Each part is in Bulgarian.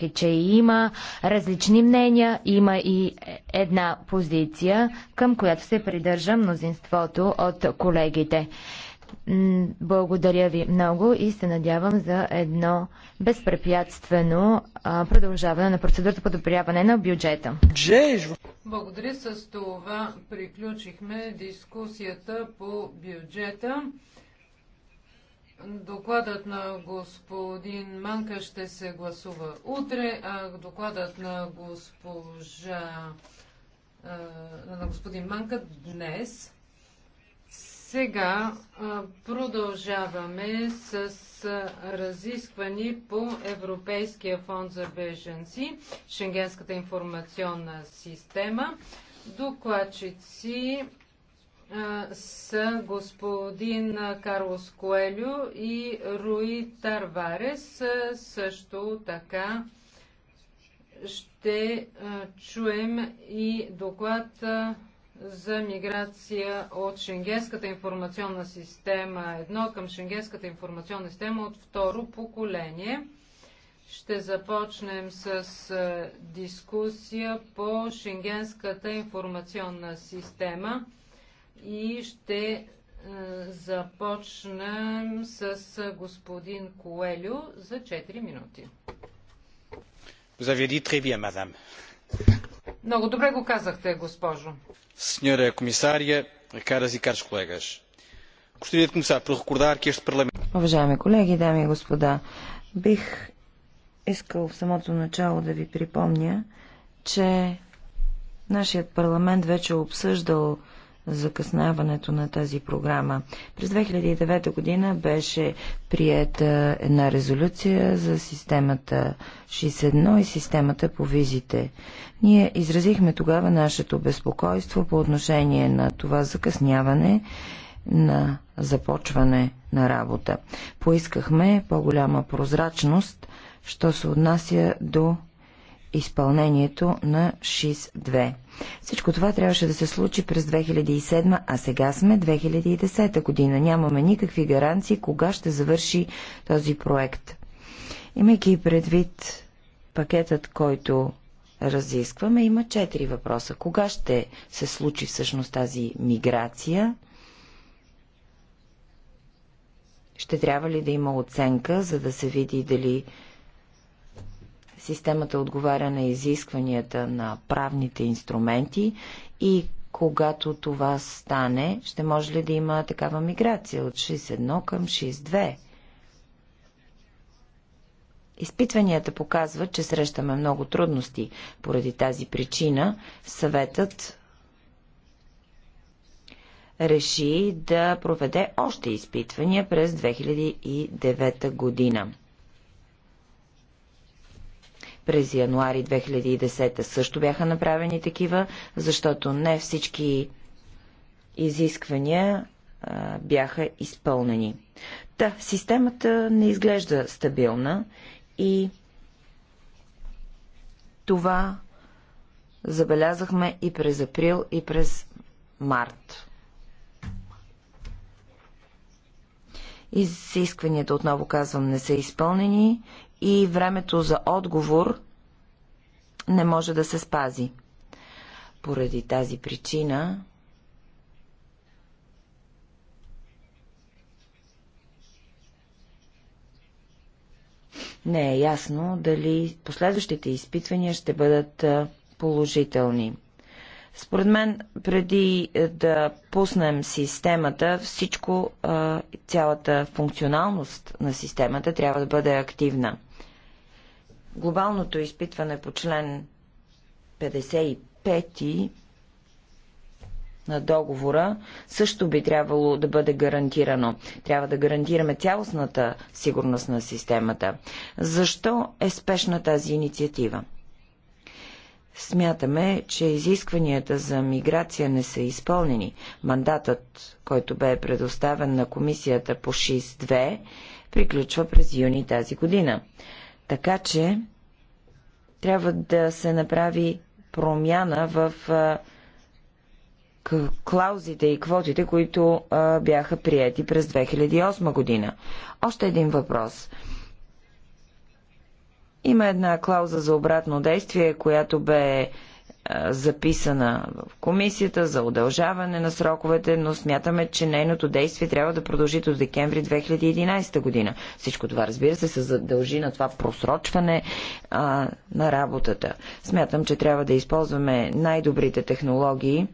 е, че има различни мнения, има и една позиция, към която се придържа мнозинството от колегите. Благодаря ви много и се надявам за едно безпрепятствено продължаване на процедурата по подобряване на бюджета. Благодаря. С това приключихме дискусията по бюджета. Докладът на господин Манка ще се гласува утре, а докладът на госпожа на господин Манка днес. Сега продължаваме с разисквани по Европейския фонд за беженци, Шенгенската информационна система. Докладчици са господин Карлос Коелю и Руи Тарварес. Също така ще чуем и доклад за миграция от Шенгенската информационна система 1 към Шенгенската информационна система от второ поколение. Ще започнем с дискусия по Шенгенската информационна система и ще е, започнем с е, господин Коелю за 4 минути. Много добре го казахте, госпожо. Сеньора комисария, caras и caros колегаш. Gostaria de começar por recordar que este Parlamento... Уважаеми колеги, дами и господа, бих искал в самото начало да ви припомня, че нашият парламент вече е обсъждал закъсняването на тази програма. През 2009 година беше приета една резолюция за системата 61 и системата по визите. Ние изразихме тогава нашето безпокойство по отношение на това закъсняване на започване на работа. Поискахме по-голяма прозрачност, що се отнася до изпълнението на ШИС-2. Всичко това трябваше да се случи през 2007, а сега сме 2010 година. Нямаме никакви гаранции кога ще завърши този проект. Имайки предвид пакетът, който разискваме, има четири въпроса. Кога ще се случи всъщност тази миграция? Ще трябва ли да има оценка, за да се види дали Системата отговаря на изискванията на правните инструменти и когато това стане, ще може ли да има такава миграция от 61 към 62? Изпитванията показват, че срещаме много трудности. Поради тази причина съветът реши да проведе още изпитвания през 2009 година. През януари 2010 също бяха направени такива, защото не всички изисквания а, бяха изпълнени. Та, да, системата не изглежда стабилна и това забелязахме и през април, и през март. Изискванията, отново казвам, не са изпълнени и времето за отговор не може да се спази. Поради тази причина не е ясно дали последващите изпитвания ще бъдат положителни. Според мен, преди е, да пуснем системата, всичко, цялата функционалност на системата трябва да бъде активна. Глобалното изпитване по член 55 на договора също би трябвало да бъде гарантирано. Трябва да гарантираме цялостната сигурност на системата. Защо е спешна тази инициатива? Смятаме, че изискванията за миграция не са изпълнени. Мандатът, който бе предоставен на комисията по 6.2, 2 приключва през юни тази година. Така че трябва да се направи промяна в клаузите и квотите, които бяха прияти през 2008 година. Още един въпрос. Има една клауза за обратно действие, която бе записана в комисията за удължаване на сроковете, но смятаме, че нейното действие трябва да продължи до декември 2011 година. Всичко това, разбира се, се задължи на това просрочване а, на работата. Смятам, че трябва да използваме най-добрите технологии.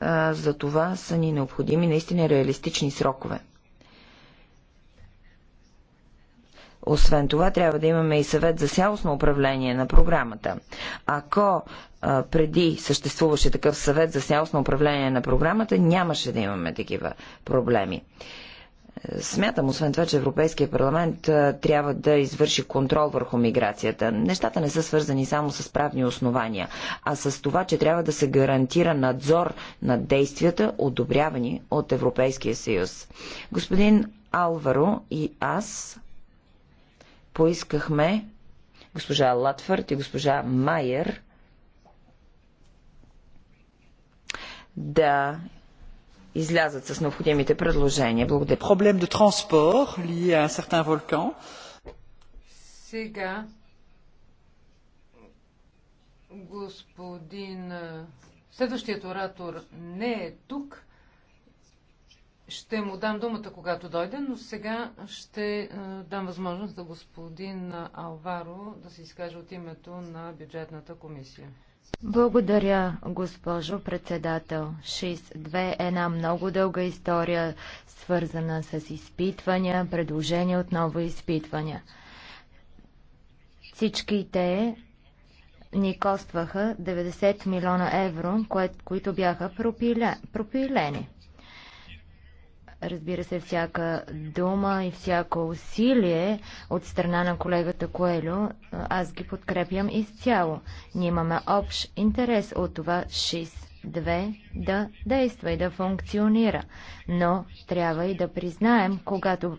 А, за това са ни необходими наистина реалистични срокове. Освен това, трябва да имаме и съвет за цялостно управление на програмата. Ако а, преди съществуваше такъв съвет за цялостно управление на програмата, нямаше да имаме такива проблеми. Смятам, освен това, че Европейския парламент а, трябва да извърши контрол върху миграцията. Нещата не са свързани само с правни основания, а с това, че трябва да се гарантира надзор на действията, одобрявани от Европейския съюз. Господин Алваро и аз поискахме госпожа Латфърд и госпожа Майер да излязат с необходимите предложения. Благодаря. Проблем de транспорт, lié à un certain volcan. Сега господин... Следващият оратор не е тук. Ще му дам думата, когато дойде, но сега ще е, дам възможност да господин Алваро да се изкаже от името на бюджетната комисия. Благодаря, госпожо председател. 6 е една много дълга история, свързана с изпитвания, предложения отново изпитвания. Всички те ни костваха 90 милиона евро, които бяха пропилени. Разбира се, всяка дума и всяко усилие от страна на колегата Коелю, аз ги подкрепям изцяло. Ние имаме общ интерес от това ШИС 2 да действа и да функционира. Но трябва и да признаем, когато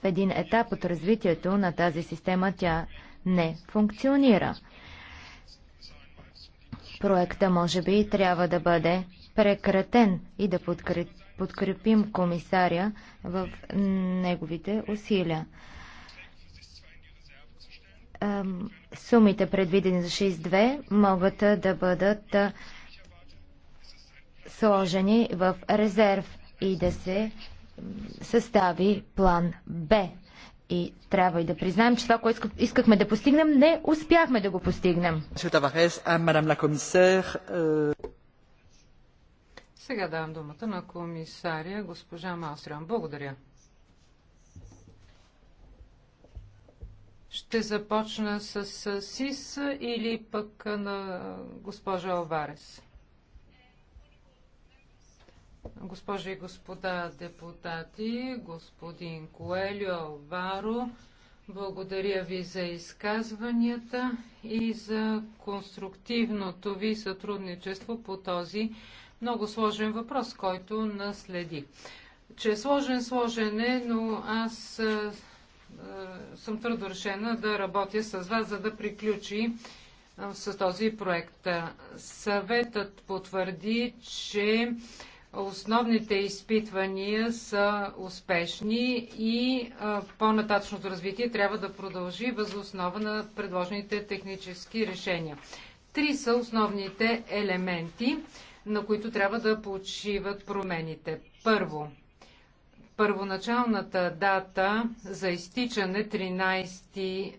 в един етап от развитието на тази система тя не функционира. Проекта може би трябва да бъде прекратен и да подкрепи подкрепим комисаря в неговите усилия. Сумите, предвидени за 6.2, могат да бъдат сложени в резерв и да се състави план Б. И трябва и да признаем, че това, което искахме да постигнем, не успяхме да го постигнем. Сега давам думата на комисаря госпожа Малстрам. Благодаря. Ще започна с СИС или пък на госпожа Оварес. Госпожи и господа депутати, господин Коелио Варо, благодаря ви за изказванията и за конструктивното ви сътрудничество по този много сложен въпрос, който наследи. Че е сложен, сложен е, но аз а, е, а, е, съм твърдо решена да работя с вас, за да приключи а, е, с този проект. Съветът потвърди, че основните изпитвания са успешни и по-нататъчното развитие трябва да продължи въз основа на предложените технически решения. Три са основните елементи на които трябва да почиват промените. Първо, първоначалната дата за изтичане 13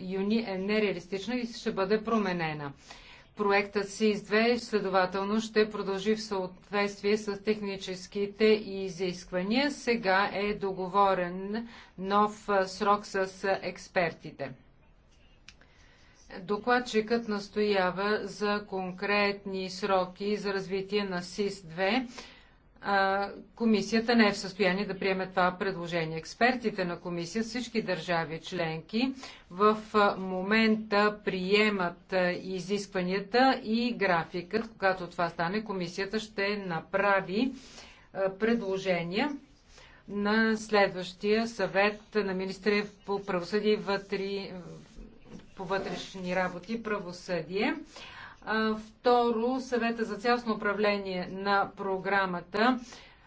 юни е нереалистична и ще бъде променена. Проектът СИС-2 следователно ще продължи в съответствие с техническите изисквания. Сега е договорен нов срок с експертите. Докладчикът настоява за конкретни сроки за развитие на СИС-2. Комисията не е в състояние да приеме това предложение. Експертите на комисията, всички държави членки, в момента приемат изискванията и графикът. Когато това стане, комисията ще направи предложения на следващия съвет на министри по правосъдие и по вътрешни работи, правосъдие. Второ, съвета за цялостно управление на програмата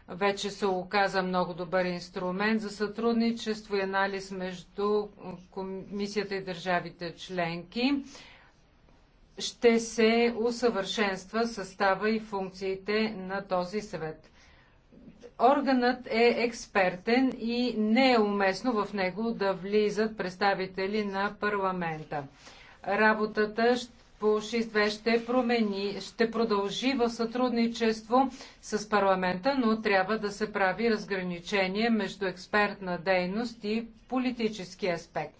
вече се оказа много добър инструмент за сътрудничество и анализ между комисията и държавите членки. Ще се усъвършенства състава и функциите на този съвет. Органът е експертен и не е уместно в него да влизат представители на парламента. Работата по 6.2 ще промени, ще продължи в сътрудничество с парламента, но трябва да се прави разграничение между експертна дейност и политически аспект.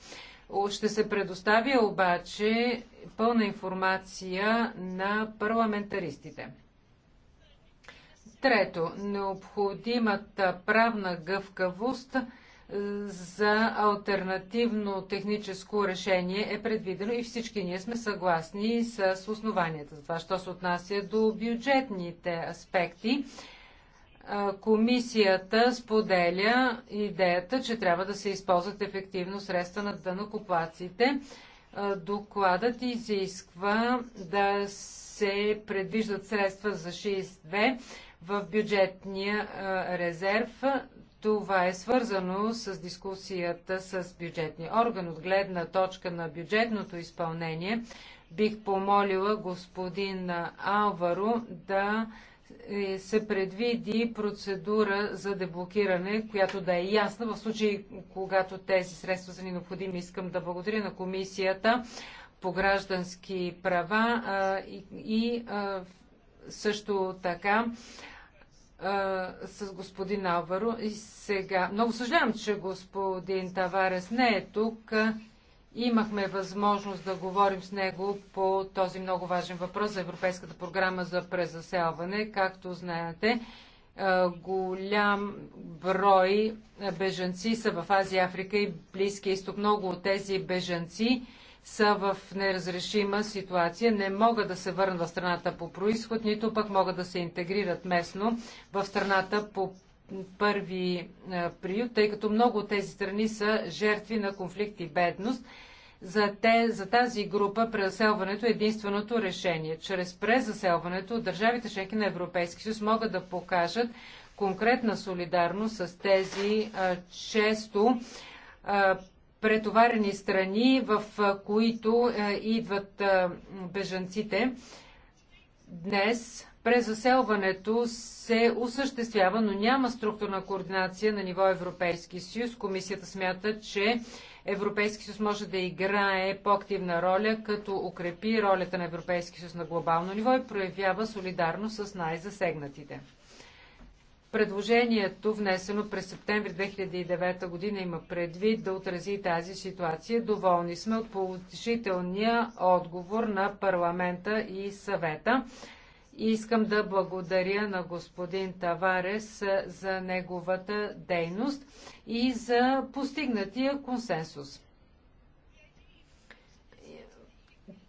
Ще се предоставя обаче пълна информация на парламентаристите. Трето, необходимата правна гъвкавост е, за альтернативно техническо решение е предвидено и всички ние сме съгласни с основанията за това. Що се отнася до бюджетните аспекти, е, комисията споделя идеята, че трябва да се използват ефективно средства на дънокоплаците. Е, докладът изисква да се предвиждат средства за 62 в бюджетния резерв. Това е свързано с дискусията с бюджетния орган. От гледна точка на бюджетното изпълнение бих помолила господин Алваро да е, се предвиди процедура за деблокиране, която да е ясна в случай, когато тези средства са ни необходими. Искам да благодаря на комисията по граждански права и, и също така а, с господин Алваро. И сега, много съжалявам, че господин Таварес не е тук. Имахме възможност да говорим с него по този много важен въпрос за Европейската програма за презаселване. Както знаете, голям брой бежанци са в Азия, Африка и Близкия изток. Много от тези бежанци са в неразрешима ситуация, не могат да се върнат в страната по происход, нито пък могат да се интегрират местно в страната по първи е, приют, тъй като много от тези страни са жертви на конфликт и бедност. За, те, за тази група преселването е единственото решение. Чрез презаселването държавите членки на Европейски съюз могат да покажат конкретна солидарност с тези а, е, често а, е, претоварени страни, в които идват бежанците. Днес презаселването се осъществява, но няма структурна координация на ниво Европейски съюз. Комисията смята, че Европейски съюз може да играе по-активна роля, като укрепи ролята на Европейски съюз на глобално ниво и проявява солидарност с най-засегнатите. Предложението, внесено през септември 2009 година, има предвид да отрази тази ситуация. Доволни сме от положителния отговор на парламента и съвета. И искам да благодаря на господин Таварес за неговата дейност и за постигнатия консенсус.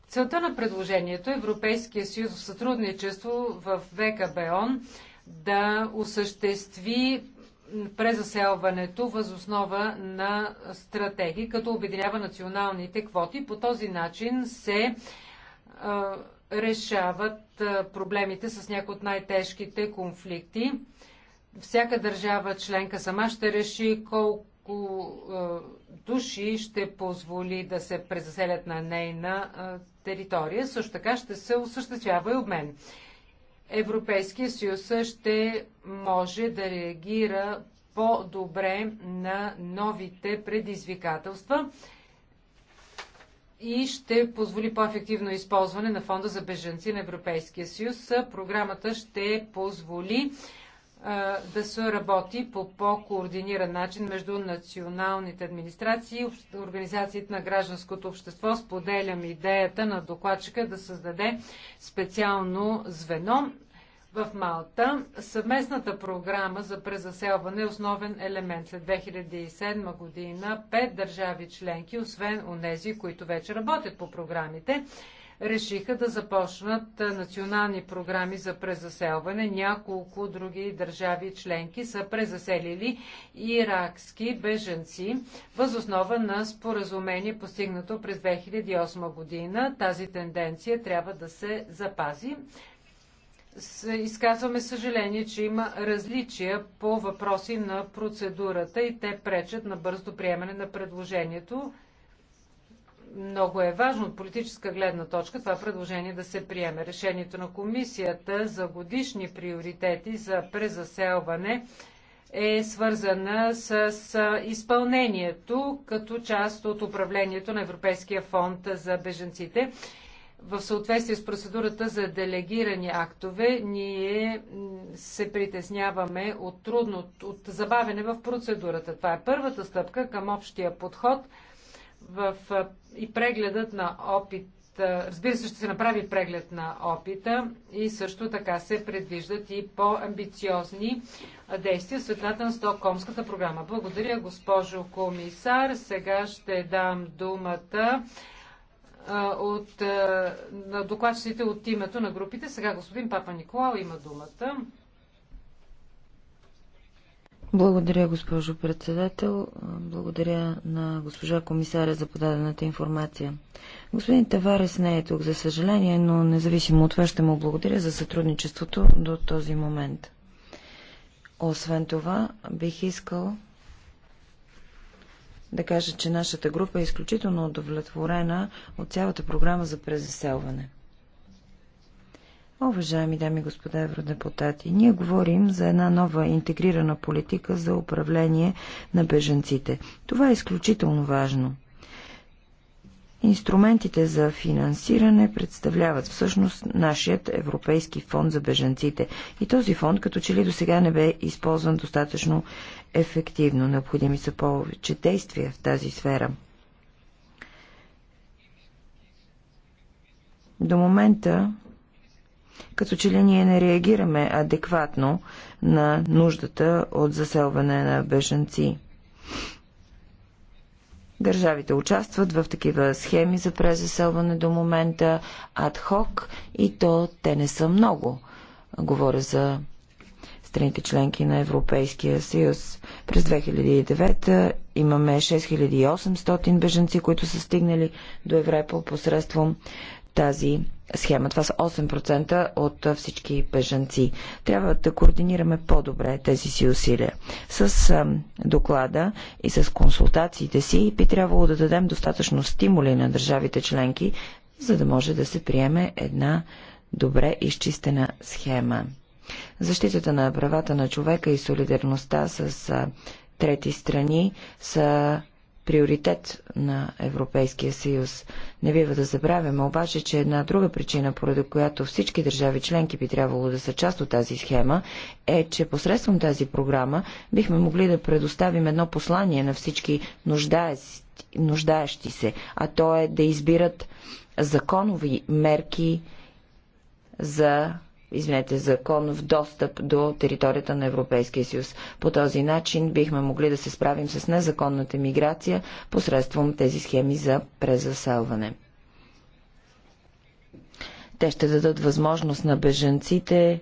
Целта на предложението е Европейския съюз в сътрудничество в ВКБОН да осъществи презаселването възоснова на стратегии, като обединява националните квоти. По този начин се решават проблемите с някои от най-тежките конфликти. Всяка държава членка сама ще реши колко а, души ще позволи да се презаселят на нейна територия. Също така ще се осъществява и обмен. мен. Европейския съюз ще може да реагира по-добре на новите предизвикателства и ще позволи по-ефективно използване на Фонда за беженци на Европейския съюз. Програмата ще позволи да се работи по по-координиран начин между националните администрации и организациите на гражданското общество. Споделям идеята на докладчика да създаде специално звено в Малта. Съвместната програма за презаселване е основен елемент. След 2007 година пет държави членки, освен онези, които вече работят по програмите, решиха да започнат национални програми за презаселване. Няколко други държави членки са презаселили иракски беженци възоснова на споразумение постигнато през 2008 година. Тази тенденция трябва да се запази изказваме съжаление, че има различия по въпроси на процедурата и те пречат на бързо приемане на предложението много е важно от политическа гледна точка това предложение да се приеме. Решението на комисията за годишни приоритети за презаселване е свързана с изпълнението като част от управлението на Европейския фонд за беженците. В съответствие с процедурата за делегирани актове, ние се притесняваме от трудно, от забавене в процедурата. Това е първата стъпка към общия подход – в, и прегледът на опит. Разбира се, ще се направи преглед на опита и също така се предвиждат и по-амбициозни действия в светлината на Стокомската програма. Благодаря, госпожо комисар. Сега ще дам думата от, на докладчиците от името на групите. Сега господин Папа Николао има думата. Благодаря, госпожо председател. Благодаря на госпожа комисаря за подадената информация. Господин Таварес не е тук, за съжаление, но независимо от това ще му благодаря за сътрудничеството до този момент. Освен това, бих искал да кажа, че нашата група е изключително удовлетворена от цялата програма за презаселване. Уважаеми дами и господа евродепутати, ние говорим за една нова интегрирана политика за управление на беженците. Това е изключително важно. Инструментите за финансиране представляват всъщност нашият Европейски фонд за беженците. И този фонд като че ли до сега не бе използван достатъчно ефективно. Необходими са повече действия в тази сфера. До момента като че ли ние не реагираме адекватно на нуждата от заселване на бежанци. Държавите участват в такива схеми за презаселване до момента адхок и то те не са много. Говоря за страните членки на Европейския съюз. През 2009 имаме 6800 беженци, които са стигнали до Европа посредством тази схема. Това са 8% от всички бежанци. Трябва да координираме по-добре тези си усилия. С доклада и с консултациите си би трябвало да дадем достатъчно стимули на държавите членки, за да може да се приеме една добре изчистена схема. Защитата на правата на човека и солидарността с трети страни са приоритет на Европейския съюз. Не бива да забравяме обаче, че една друга причина, поради която всички държави членки би трябвало да са част от тази схема, е, че посредством тази програма бихме могли да предоставим едно послание на всички нуждаещи се, а то е да избират законови мерки за извинете, законов достъп до територията на Европейския съюз. По този начин бихме могли да се справим с незаконната миграция посредством тези схеми за презаселване. Те ще дадат възможност на бежанците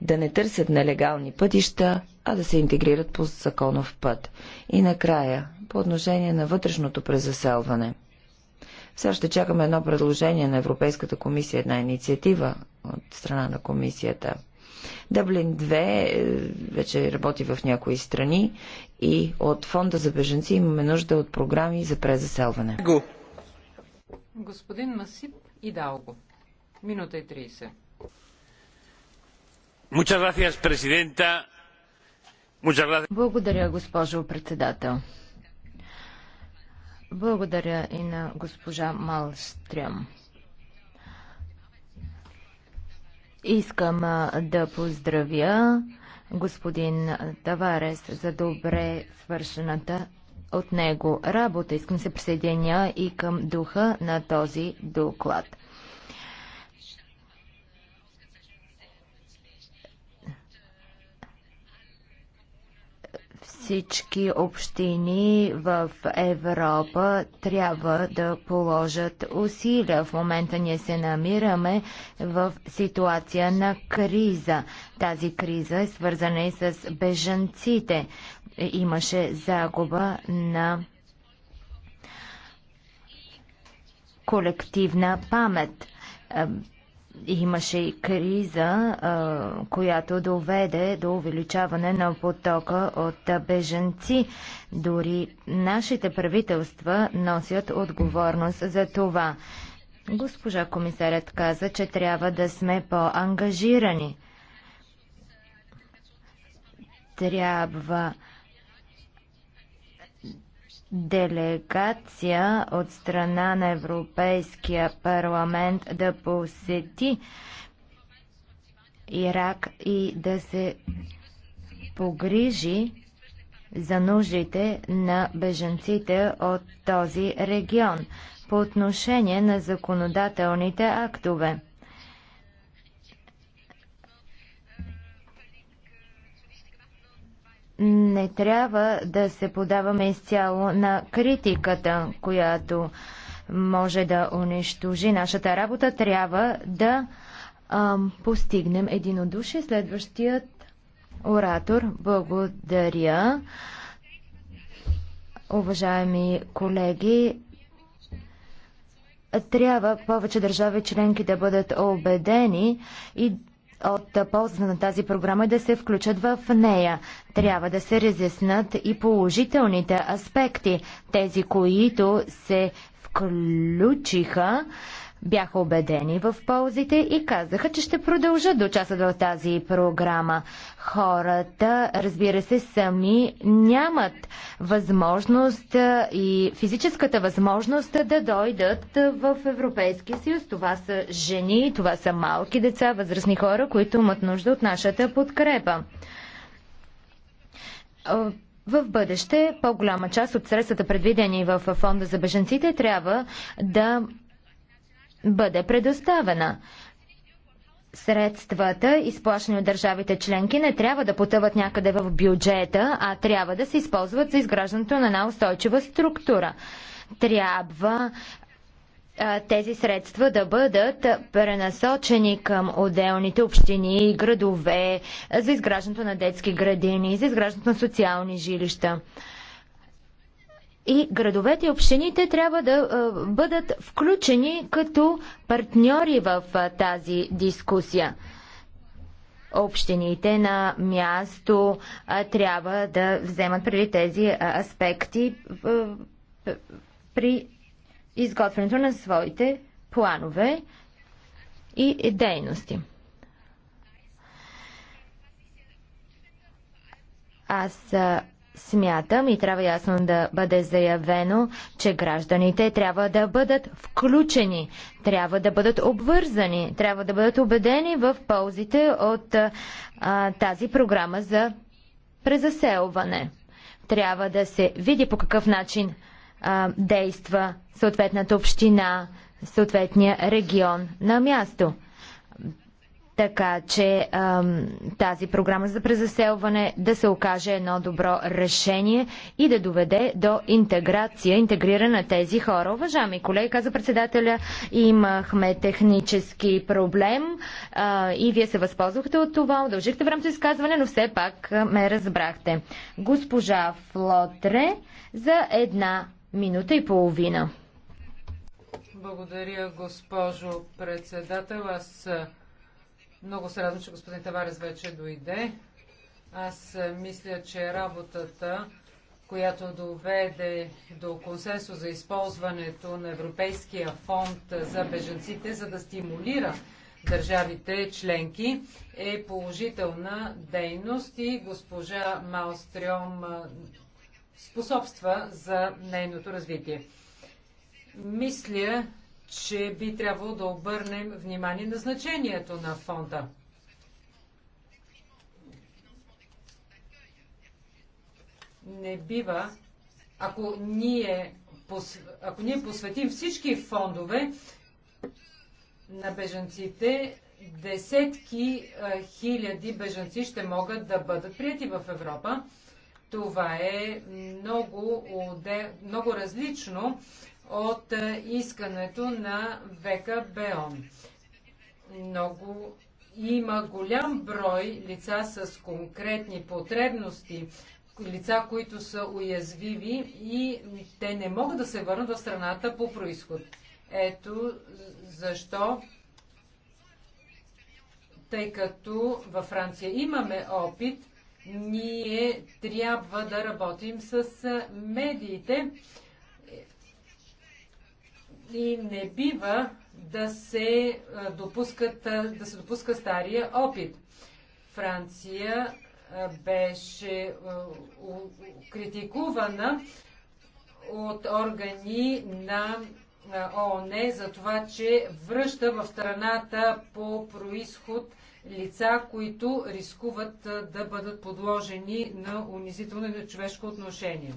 да не търсят нелегални пътища, а да се интегрират по законов път. И накрая, по отношение на вътрешното презаселване – сега ще чакаме едно предложение на Европейската комисия, една инициатива от страна на комисията. Дъблин 2 е, вече работи в някои страни и от фонда за беженци имаме нужда от програми за презаселване. Господин Масип Далго. Минута и 30. Благодаря, госпожо председател. Благодаря и на госпожа Малстрем. Искам да поздравя господин Таварес за добре свършената от него работа. Искам се присъединя и към духа на този доклад. Всички общини в Европа трябва да положат усилия. В момента ние се намираме в ситуация на криза. Тази криза е свързана и с бежанците. Имаше загуба на колективна памет Имаше и криза, която доведе до увеличаване на потока от беженци. Дори нашите правителства носят отговорност за това. Госпожа комисарят каза, че трябва да сме по-ангажирани. Трябва делегация от страна на Европейския парламент да посети Ирак и да се погрижи за нуждите на беженците от този регион по отношение на законодателните актове. не трябва да се подаваме изцяло на критиката, която може да унищожи нашата работа. Трябва да ам, постигнем единодушие. Следващият оратор. Благодаря. Уважаеми колеги, трябва повече държави членки да бъдат убедени и от полза на тази програма е да се включат в нея. Трябва да се разяснат и положителните аспекти, тези, които се включиха бяха убедени в ползите и казаха, че ще продължат да участват в тази програма. Хората, разбира се, сами нямат възможност и физическата възможност да дойдат в Европейския съюз. Това са жени, това са малки деца, възрастни хора, които имат нужда от нашата подкрепа. В бъдеще по-голяма част от средствата, предвидени в фонда за беженците, трябва да бъде предоставена. Средствата, изплащани от държавите членки, не трябва да потъват някъде в бюджета, а трябва да се използват за изграждането на една устойчива структура. Трябва а, тези средства да бъдат пренасочени към отделните общини и градове за изграждането на детски градини, за изграждането на социални жилища. И градовете и общините трябва да бъдат включени като партньори в тази дискусия. Общините на място трябва да вземат преди тези аспекти при изготвянето на своите планове и дейности. Аз Смятам и трябва ясно да бъде заявено, че гражданите трябва да бъдат включени, трябва да бъдат обвързани, трябва да бъдат убедени в ползите от а, тази програма за презаселване. Трябва да се види по какъв начин а, действа съответната община, съответния регион на място така че ам, тази програма за презаселване да се окаже едно добро решение и да доведе до интеграция, интегриране на тези хора. Уважаеми колеги, каза председателя, имахме технически проблем а, и вие се възползвахте от това, удължихте времето изказване, но все пак ме разбрахте. Госпожа Флотре за една минута и половина. Благодаря, госпожо председател. Аз много се радвам, че господин Таварес вече дойде. Аз мисля, че работата, която доведе до консенсус за използването на Европейския фонд за беженците, за да стимулира държавите членки, е положителна дейност и госпожа Малстрём способства за нейното развитие. Мисля, че би трябвало да обърнем внимание на значението на фонда. Не бива, ако ние, ако ние посветим всички фондове на бежанците, десетки а, хиляди бежанци ще могат да бъдат прияти в Европа. Това е много, много различно от е, искането на Века Беон. Много има голям брой лица с конкретни потребности, лица, които са уязвиви и те не могат да се върнат в страната по происход. Ето защо тъй като във Франция имаме опит, ние трябва да работим с е, медиите и не бива да се, допускат, да се допуска стария опит. Франция беше критикувана от органи на ООН за това, че връща в страната по происход лица, които рискуват да бъдат подложени на унизително и на човешко отношение.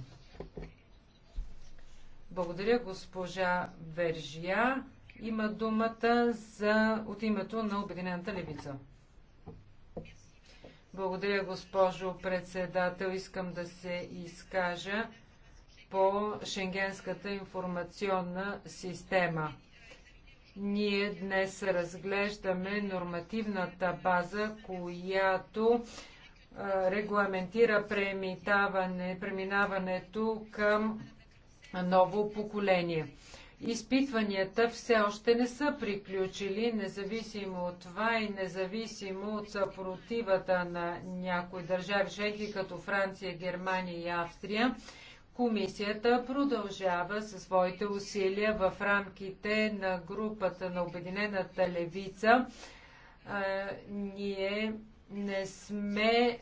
Благодаря, госпожа Вержия. Има думата за, от името на Обединената левица. Благодаря, госпожо председател. Искам да се изкажа по Шенгенската информационна система. Ние днес разглеждаме нормативната база, която регламентира преминаването към ново поколение. Изпитванията все още не са приключили, независимо от това и независимо от съпротивата на някои държави, членки като Франция, Германия и Австрия. Комисията продължава със своите усилия в рамките на групата на Обединената левица. ние не сме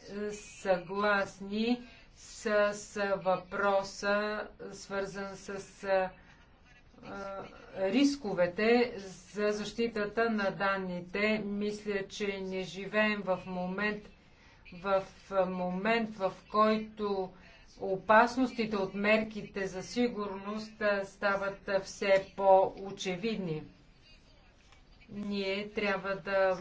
съгласни с, с въпроса, свързан с а, рисковете за защитата на данните. Мисля, че не живеем в момент, в момент, в който опасностите от мерките за сигурност стават все по-очевидни. Ние трябва да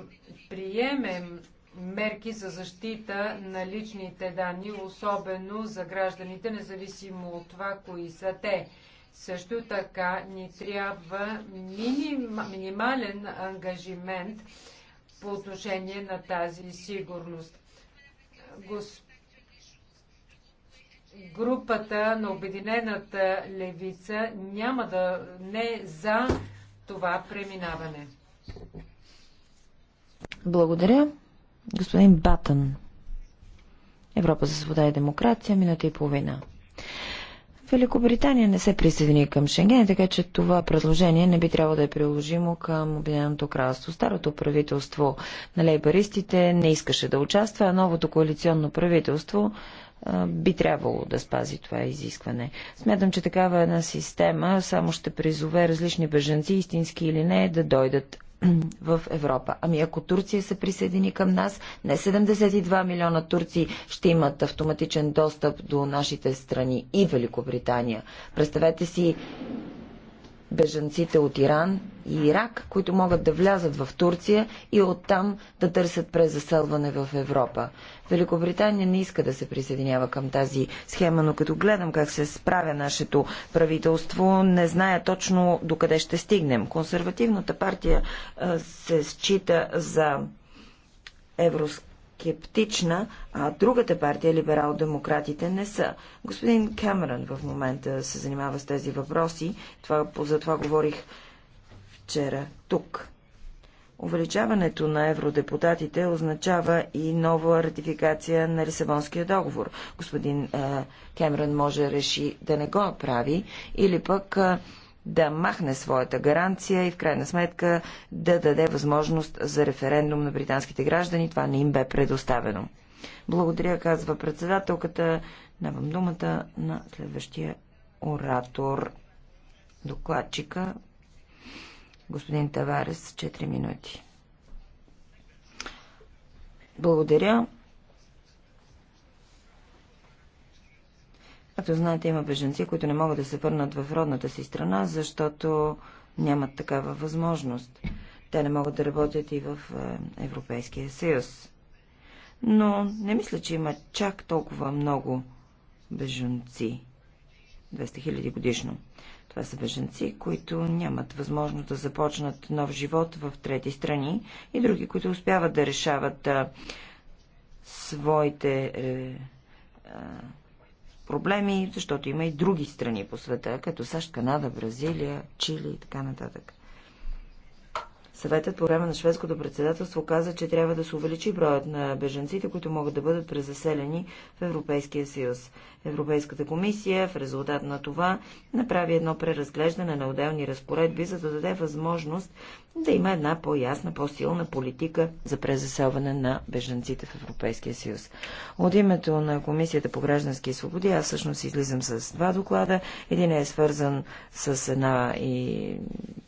приемем мерки за защита на личните данни, особено за гражданите, независимо от това кои са те. Също така ни трябва миним, минимален ангажимент по отношение на тази сигурност. Гос... Групата на Обединената левица няма да не за това преминаване. Благодаря. Господин Батън, Европа за свобода и демокрация, минута и половина. Великобритания не се присъедини към Шенген, така че това предложение не би трябвало да е приложимо към Обединеното кралство. Старото правителство на лейбаристите не искаше да участва, а новото коалиционно правителство би трябвало да спази това изискване. Смятам, че такава една система само ще призове различни беженци, истински или не, да дойдат в Европа. Ами ако Турция се присъедини към нас, не 72 милиона турци ще имат автоматичен достъп до нашите страни и Великобритания. Представете си бежанците от Иран и Ирак, които могат да влязат в Турция и оттам да търсят презаселване в Европа. Великобритания не иска да се присъединява към тази схема, но като гледам как се справя нашето правителство, не зная точно докъде ще стигнем. Консервативната партия се счита за еврос скептична, а другата партия, либерал-демократите, не са. Господин Камерън в момента се занимава с тези въпроси. Това, за това говорих вчера тук. Увеличаването на евродепутатите означава и нова ратификация на Лисабонския договор. Господин е, Кемерън може реши да не го прави или пък е, да махне своята гаранция и в крайна сметка да даде възможност за референдум на британските граждани. Това не им бе предоставено. Благодаря, казва председателката. Давам думата на следващия оратор. Докладчика, господин Таварес, 4 минути. Благодаря. Както знаете, има беженци, които не могат да се върнат в родната си страна, защото нямат такава възможност. Те не могат да работят и в е, Европейския съюз. Но не мисля, че има чак толкова много беженци. 200 хиляди годишно. Това са беженци, които нямат възможност да започнат нов живот в трети страни и други, които успяват да решават а, своите е, а, проблеми, защото има и други страни по света, като САЩ, Канада, Бразилия, Чили и така нататък. Съветът по време на шведското председателство каза, че трябва да се увеличи броят на беженците, които могат да бъдат презаселени в Европейския съюз. Европейската комисия в резултат на това направи едно преразглеждане на отделни разпоредби, за да даде възможност да има една по-ясна, по-силна политика за презаселване на беженците в Европейския съюз. От името на Комисията по граждански свободи аз всъщност излизам с два доклада. Един е свързан с една и...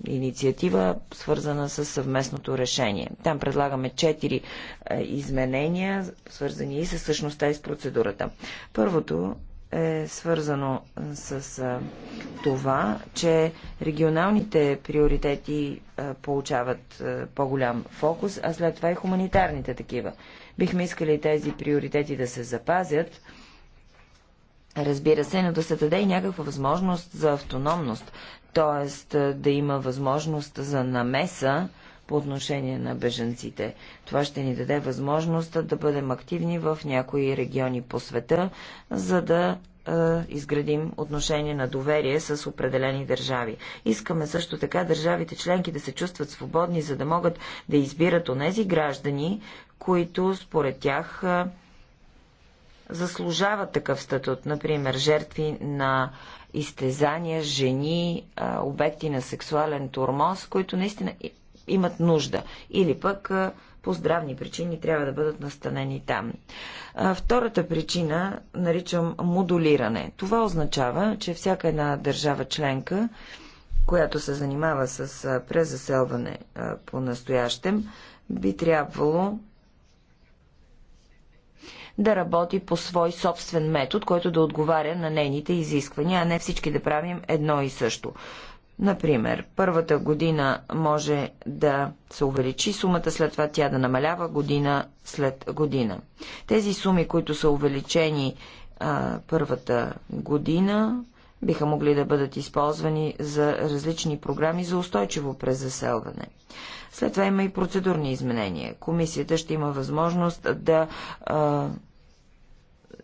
инициатива, свързана с съвместното решение. Там предлагаме четири е, изменения, свързани и с същността и с процедурата. Първото е свързано е, с е, това, че регионалните приоритети е, получават по-голям фокус, а след това и хуманитарните такива. Бихме искали тези приоритети да се запазят, разбира се, но да се даде и някаква възможност за автономност, т.е. да има възможност за намеса по отношение на беженците. Това ще ни даде възможност да бъдем активни в някои региони по света, за да изградим отношение на доверие с определени държави. Искаме също така държавите членки да се чувстват свободни, за да могат да избират онези граждани, които според тях заслужават такъв статут. Например, жертви на изтезания, жени, обекти на сексуален турмоз, които наистина имат нужда. Или пък по здравни причини трябва да бъдат настанени там. Втората причина наричам модулиране. Това означава, че всяка една държава членка, която се занимава с презаселване по настоящем, би трябвало да работи по свой собствен метод, който да отговаря на нейните изисквания, а не всички да правим едно и също. Например, първата година може да се увеличи сумата, след това тя да намалява година след година. Тези суми, които са увеличени а, първата година, биха могли да бъдат използвани за различни програми за устойчиво презаселване. След това има и процедурни изменения. Комисията ще има възможност да а,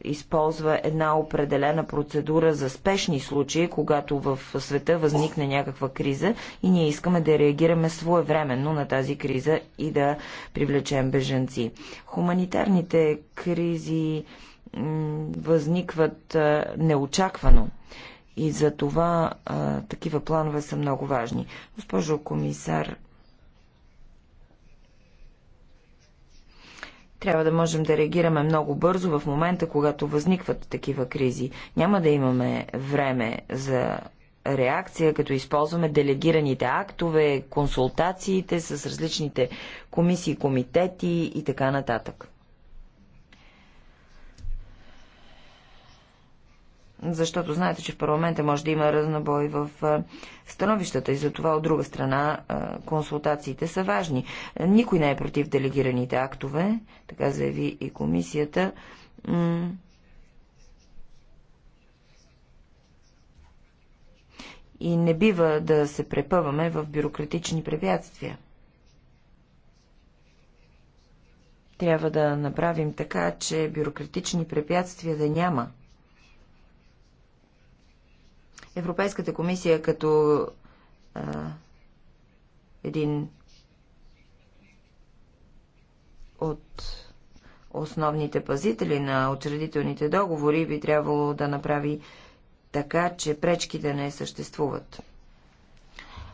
използва една определена процедура за спешни случаи, когато в света възникне някаква криза и ние искаме да реагираме своевременно на тази криза и да привлечем беженци. Хуманитарните кризи възникват неочаквано. И за това а, такива планове са много важни. Госпожо комисар, Трябва да можем да реагираме много бързо в момента, когато възникват такива кризи. Няма да имаме време за реакция, като използваме делегираните актове, консултациите с различните комисии, комитети и така нататък. защото знаете, че в парламента може да има разнобой в становищата и за това от друга страна консултациите са важни. Никой не е против делегираните актове, така заяви и комисията. И не бива да се препъваме в бюрократични препятствия. Трябва да направим така, че бюрократични препятствия да няма – Европейската комисия като а, един от основните пазители на учредителните договори би трябвало да направи така, че пречките не съществуват.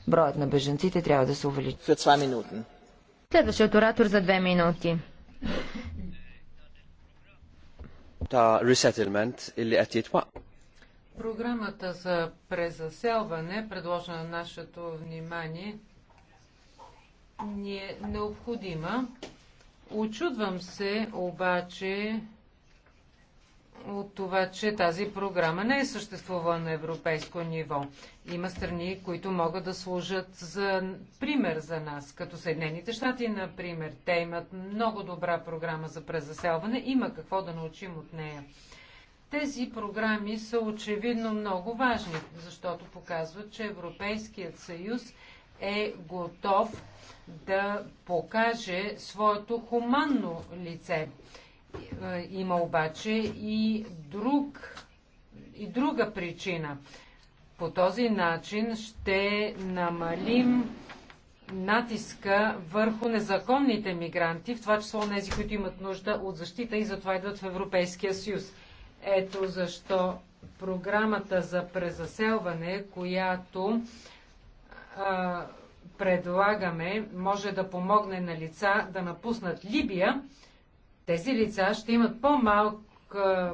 Броят на беженците трябва да се увеличи. Следващият оратор за две минути. Та ресетилмент или етитва? Програмата за презаселване, предложена на нашето внимание, ни е необходима. Очудвам се обаче от това, че тази програма не е съществувала на европейско ниво. Има страни, които могат да служат за пример за нас, като Съединените щати, например. Те имат много добра програма за презаселване. Има какво да научим от нея. Тези програми са очевидно много важни, защото показват, че Европейският съюз е готов да покаже своето хуманно лице. Е, има обаче и, друг, и друга причина. По този начин ще намалим натиска върху незаконните мигранти, в това число тези, които имат нужда от защита и затова идват в Европейския съюз. Ето защо програмата за презаселване, която а, предлагаме, може да помогне на лица да напуснат Либия. Тези лица ще имат по-малко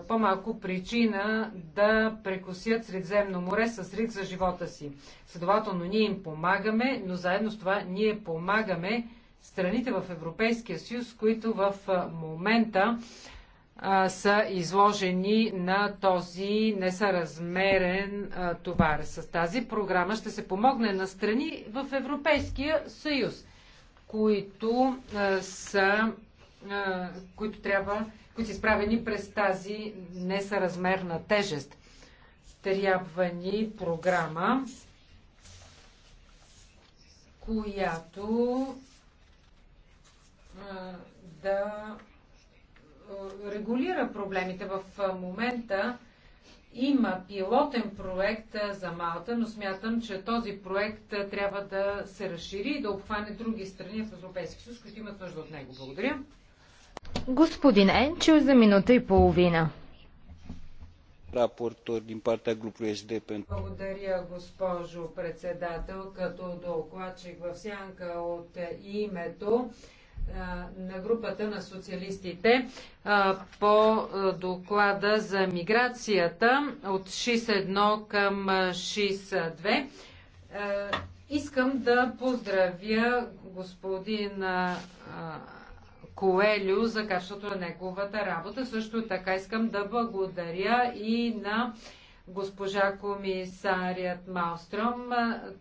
по-малко причина да прекусят Средземно море с риск за живота си. Следователно, ние им помагаме, но заедно с това ние помагаме страните в Европейския съюз, които в момента са изложени на този несъразмерен товар. С тази програма ще се помогне на страни в Европейския съюз, които са които трябва, които са изправени през тази несъразмерна тежест. Трябва ни програма, която да е, регулира проблемите. В е, момента има пилотен проект е, за Малта, но смятам, че този проект трябва да се разшири и да обхване други страни в Европейски съюз, които имат нужда от него. Благодаря. Господин Енчил за минута и половина. Рапортор din partea grupului SD pentru... Благодаря, госпожо председател, като докладчик в сянка от името на групата на социалистите по доклада за миграцията от 61 към 62. Искам да поздравя господин Коелю за качеството на неговата работа. Също така искам да благодаря и на госпожа комисарият Малстром,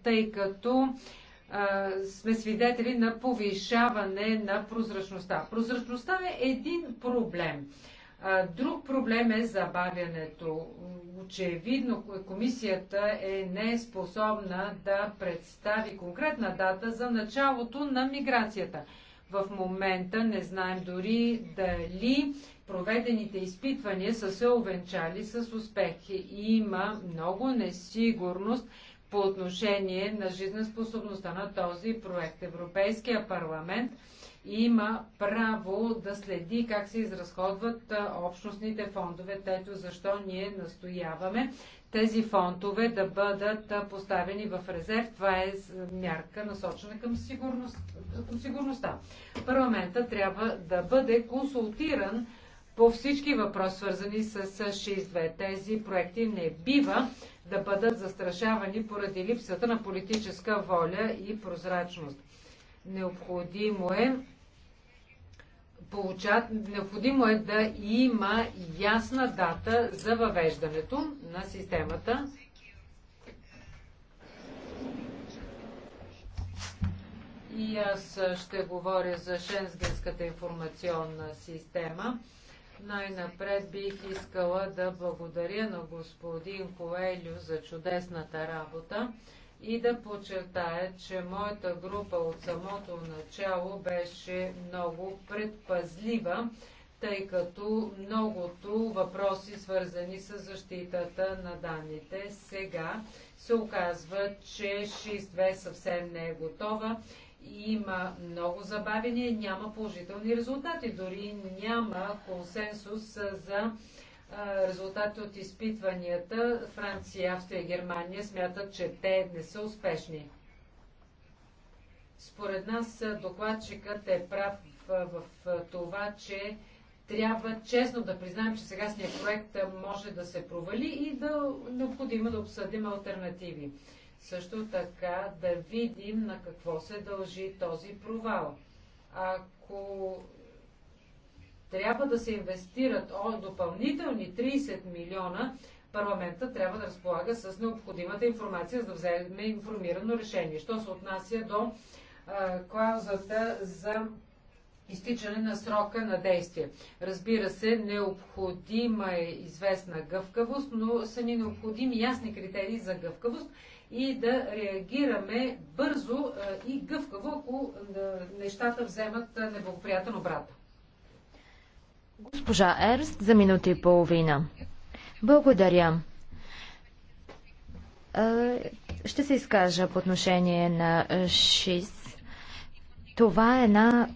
тъй като сме свидетели на повишаване на прозрачността. Прозрачността е един проблем. Друг проблем е забавянето. Очевидно комисията е неспособна да представи конкретна дата за началото на миграцията. В момента не знаем дори дали проведените изпитвания са се овенчали с успехи. Има много несигурност по отношение на жизнеспособността на този проект. Европейския парламент има право да следи как се изразходват общностните фондове. Ето защо ние настояваме тези фондове да бъдат поставени в резерв. Това е мярка насочена към, сигурност, към сигурността. Парламента трябва да бъде консултиран по всички въпроси, свързани с 6-2, Тези проекти не бива да бъдат застрашавани поради липсата на политическа воля и прозрачност. Необходимо е получат, необходимо е да има ясна дата за въвеждането на системата. И аз ще говоря за Шенгенската информационна система. Най-напред бих искала да благодаря на господин Коелю за чудесната работа и да подчертая, че моята група от самото начало беше много предпазлива, тъй като многото въпроси, свързани с защитата на данните, сега се оказва, че 6.2 съвсем не е готова има много забавения, няма положителни резултати, дори няма консенсус за резултати от изпитванията. Франция, Австрия и Германия смятат, че те не са успешни. Според нас докладчикът е прав в, това, че трябва честно да признаем, че сегашният проект може да се провали и да необходимо да обсъдим альтернативи. Също така да видим на какво се дължи този провал. Ако трябва да се инвестират о, допълнителни 30 милиона, парламента трябва да разполага с необходимата информация, за да вземе информирано решение. Що се отнася до а, клаузата за изтичане на срока на действие. Разбира се, необходима е известна гъвкавост, но са ни необходими ясни критерии за гъвкавост и да реагираме бързо и гъвкаво, ако нещата вземат неблагоприятен обрат. Госпожа Ерст за минути и половина. Благодаря. Ще се изкажа по отношение на ШИС. Това е една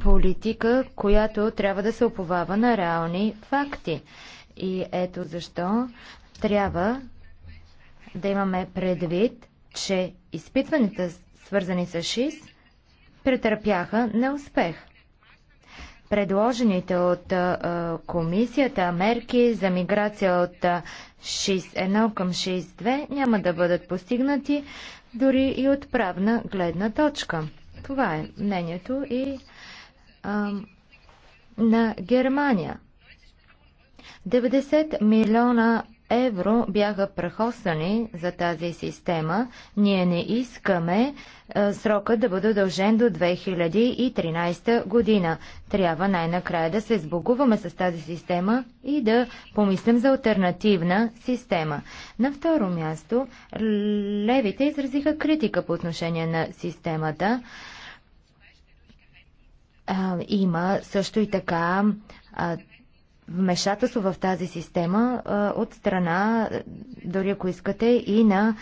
политика, която трябва да се оповава на реални факти. И ето защо трябва да имаме предвид, че изпитванията, свързани с ШИС, претърпяха неуспех. Предложените от а, комисията мерки за миграция от 6.1 към 6.2 няма да бъдат постигнати дори и от правна гледна точка. Това е мнението и а, на Германия. 90 милиона евро бяха прахосани за тази система. Ние не искаме е, срока да бъде удължен до 2013 година. Трябва най-накрая да се сбогуваме с тази система и да помислим за альтернативна система. На второ място, левите изразиха критика по отношение на системата. има също и така вмешателство в тази система от страна, дори ако искате, и на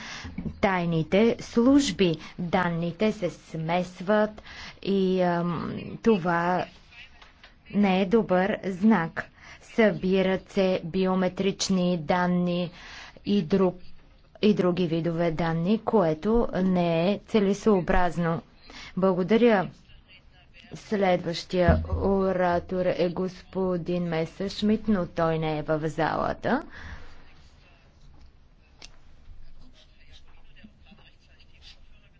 тайните служби. Данните се смесват и а, това не е добър знак. Събират се биометрични данни и, друг, и други видове данни, което не е целесообразно. Благодаря Следващия оратор е господин Месър Шмидт, но той не е в залата.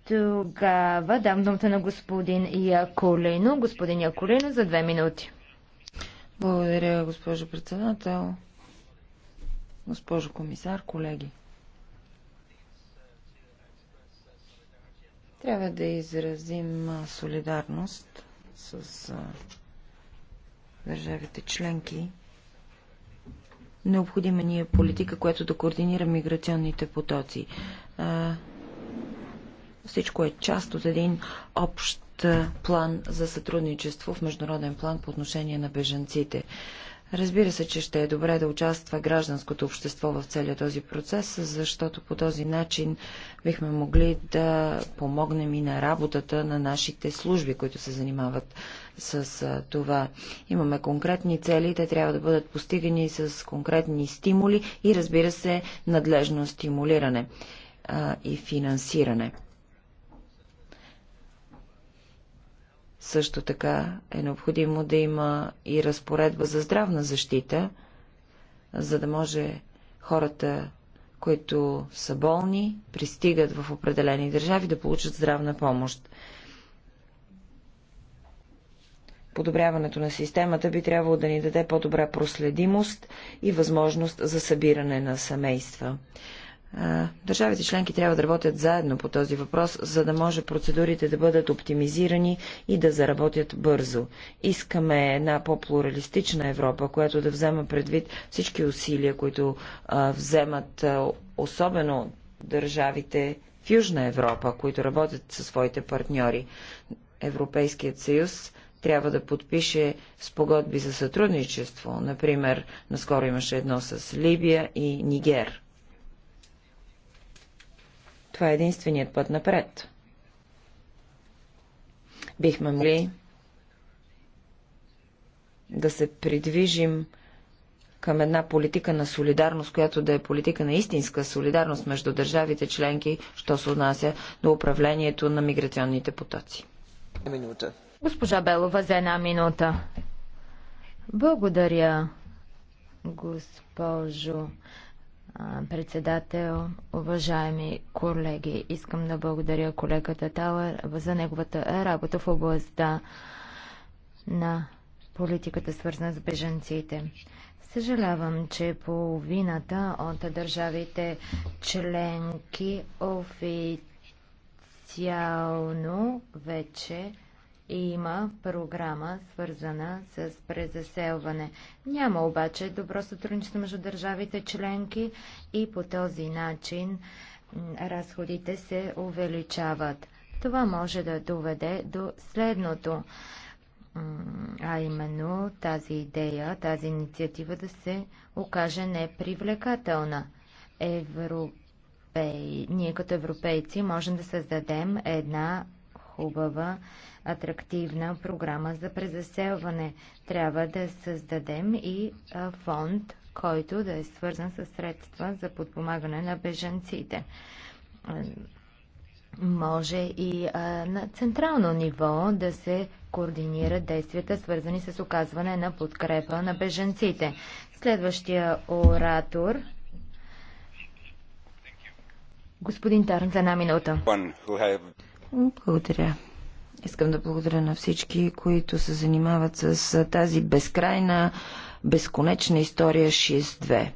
Тогава дам думата на господин Яколино. Господин Яколино за две минути. Благодаря, госпожо председател, госпожо комисар, колеги. Трябва да изразим солидарност с държавите членки. Необходима ни е политика, която да координира миграционните потоци. Всичко е част от един общ план за сътрудничество в международен план по отношение на бежанците. Разбира се, че ще е добре да участва гражданското общество в целия този процес, защото по този начин бихме могли да помогнем и на работата на нашите служби, които се занимават с това. Имаме конкретни цели, те трябва да бъдат постигани с конкретни стимули и, разбира се, надлежно стимулиране и финансиране. Също така е необходимо да има и разпоредба за здравна защита, за да може хората, които са болни, пристигат в определени държави да получат здравна помощ. Подобряването на системата би трябвало да ни даде по-добра проследимост и възможност за събиране на семейства. Държавите членки трябва да работят заедно по този въпрос, за да може процедурите да бъдат оптимизирани и да заработят бързо. Искаме една по-плуралистична Европа, която да взема предвид всички усилия, които а, вземат а, особено държавите в Южна Европа, които работят със своите партньори. Европейският съюз трябва да подпише спогодби за сътрудничество. Например, наскоро имаше едно с Либия и Нигер. Това е единственият път напред. Бихме могли да се придвижим към една политика на солидарност, която да е политика на истинска солидарност между държавите членки, що се отнася до управлението на миграционните потоци. Минута. Госпожа Белова за една минута. Благодаря, госпожо председател, уважаеми колеги. Искам да благодаря колегата Тауер за неговата работа в областта на политиката, свързана с беженците. Съжалявам, че половината от държавите членки официално вече има програма, свързана с презаселване. Няма обаче добро сътрудничество между държавите членки и по този начин разходите се увеличават. Това може да доведе до следното, а именно тази идея, тази инициатива да се окаже непривлекателна. Европей... Ние като европейци можем да създадем една хубава, атрактивна програма за презаселване. Трябва да създадем и фонд, който да е свързан с средства за подпомагане на бежанците. Може и на централно ниво да се координират действията, свързани с оказване на подкрепа на бежанците. Следващия оратор Господин Тарн, за една минута. Благодаря. Искам да благодаря на всички, които се занимават с тази безкрайна, безконечна история 6-2.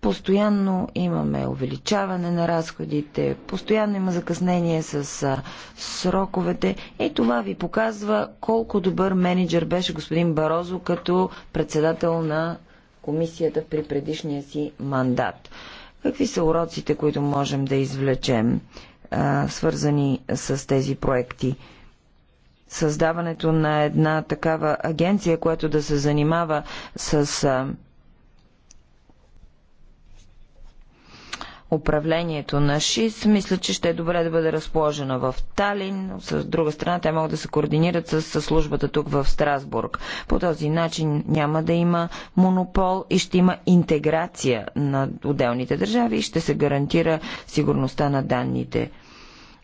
Постоянно имаме увеличаване на разходите, постоянно има закъснение с а, сроковете и това ви показва колко добър менеджер беше господин Барозо като председател на комисията при предишния си мандат. Какви са уроците, които можем да извлечем? а, свързани с тези проекти. Създаването на една такава агенция, която да се занимава с. А, управлението на ШИС, мисля, че ще е добре да бъде разположена в Талин. С друга страна, те могат да се координират с, с службата тук в Страсбург. По този начин няма да има монопол и ще има интеграция на отделните държави и ще се гарантира сигурността на данните.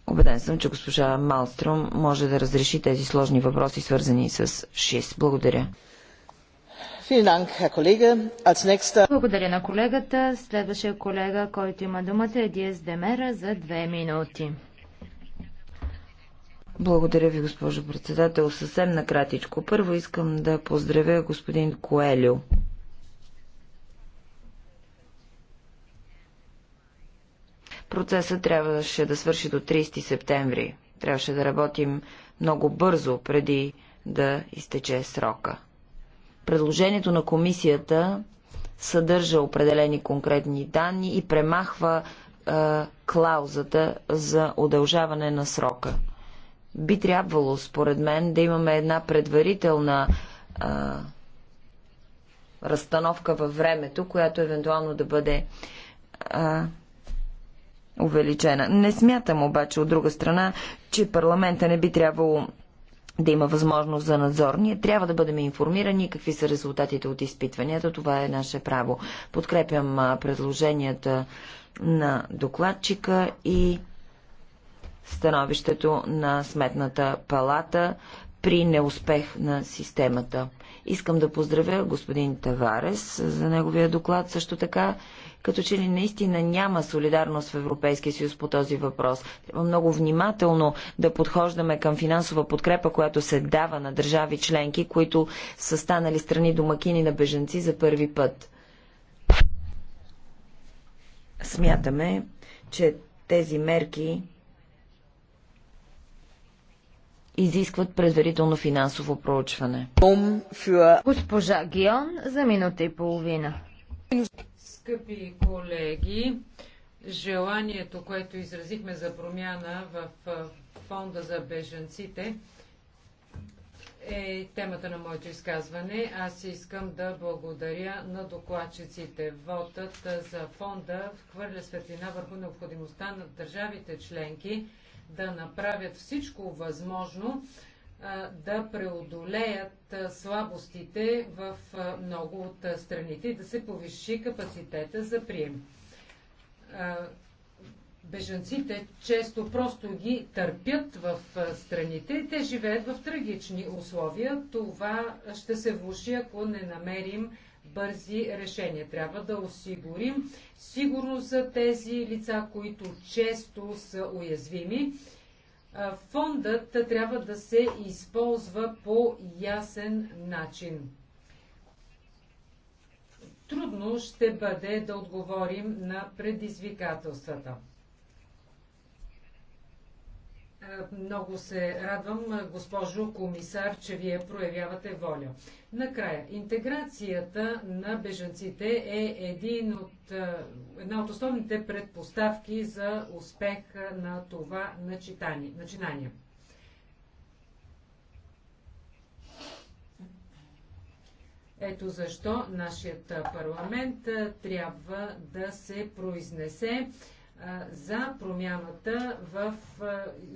Обеден съм, че госпожа Малстром може да разреши тези сложни въпроси, свързани с ШИС. Благодаря. Благодаря на колегата. Следващия колега, който има думата е Диес Демера за две минути. Благодаря ви, госпожо председател. Съвсем накратичко. Първо искам да поздравя господин Коелю. Процесът трябваше да свърши до 30 септември. Трябваше да работим много бързо преди да изтече срока. Предложението на комисията съдържа определени конкретни данни и премахва е, клаузата за удължаване на срока. Би трябвало, според мен, да имаме една предварителна е, разстановка във времето, която евентуално да бъде е, увеличена. Не смятам обаче, от друга страна, че парламента не би трябвало да има възможност за надзор. Ние трябва да бъдем информирани какви са резултатите от изпитванията. Това е наше право. Подкрепям предложенията на докладчика и становището на Сметната палата при неуспех на системата. Искам да поздравя господин Таварес за неговия доклад също така, като че ли наистина няма солидарност в Европейския съюз по този въпрос. Трябва много внимателно да подхождаме към финансова подкрепа, която се дава на държави членки, които са станали страни домакини на беженци за първи път. Смятаме, че тези мерки изискват предварително финансово проучване. Госпожа Гион за минута и половина. Скъпи колеги, желанието, което изразихме за промяна в фонда за беженците, е темата на моето изказване. Аз искам да благодаря на докладчиците. Вотът за фонда хвърля светлина върху необходимостта на държавите членки да направят всичко възможно да преодолеят слабостите в много от страните и да се повиши капацитета за прием. бежанците често просто ги търпят в страните и те живеят в трагични условия. Това ще се влуши, ако не намерим бързи решения. Трябва да осигурим сигурност за тези лица, които често са уязвими. Фондът трябва да се използва по ясен начин. Трудно ще бъде да отговорим на предизвикателствата. Е, много се радвам, госпожо комисар, че вие проявявате воля. Накрая, интеграцията на бежанците е един от, е, една от основните предпоставки за успех на това начинание. Ето защо нашият парламент е, трябва да се произнесе за промяната в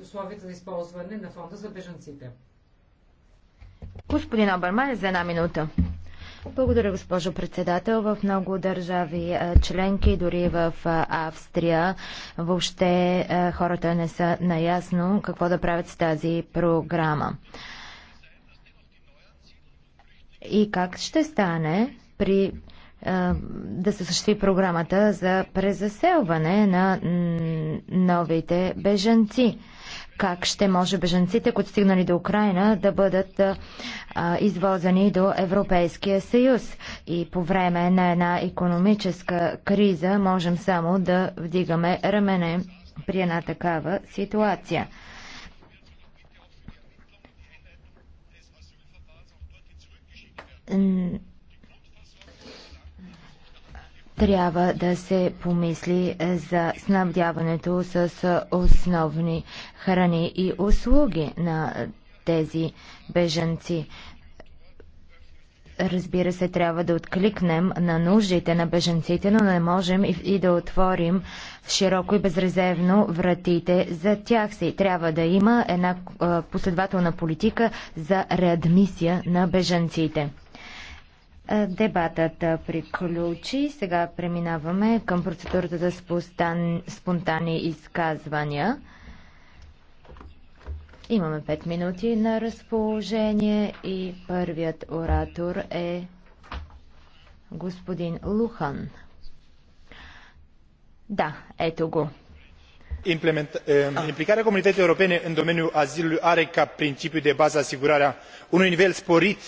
условията за използване на фонда за бежанците. Господин Обърман, за една минута. Благодаря, госпожо председател. В много държави членки, дори в Австрия, въобще хората не са наясно какво да правят с тази програма. И как ще стане при да се съществи програмата за презаселване на новите бежанци. Как ще може бежанците, които стигнали до Украина, да бъдат а, извозани до Европейския съюз? И по време на една економическа криза можем само да вдигаме рамене при една такава ситуация трябва да се помисли е, за снабдяването с е, основни храни и услуги на е, тези бежанци. Разбира се, трябва да откликнем на нуждите на бежанците, но не можем и да отворим широко и безрезервно вратите за тях си. Трябва да има една последователна политика за реадмисия на бежанците. Дебатът приключи. Сега преминаваме към процедурата за спостан... спонтанни изказвания. Имаме 5 минути на разположение и първият оратор е господин Лухан. Да, ето го. Implicarea е, comunității europene în domeniul azilului are ca principiu de bază asigurarea unui nivel sporit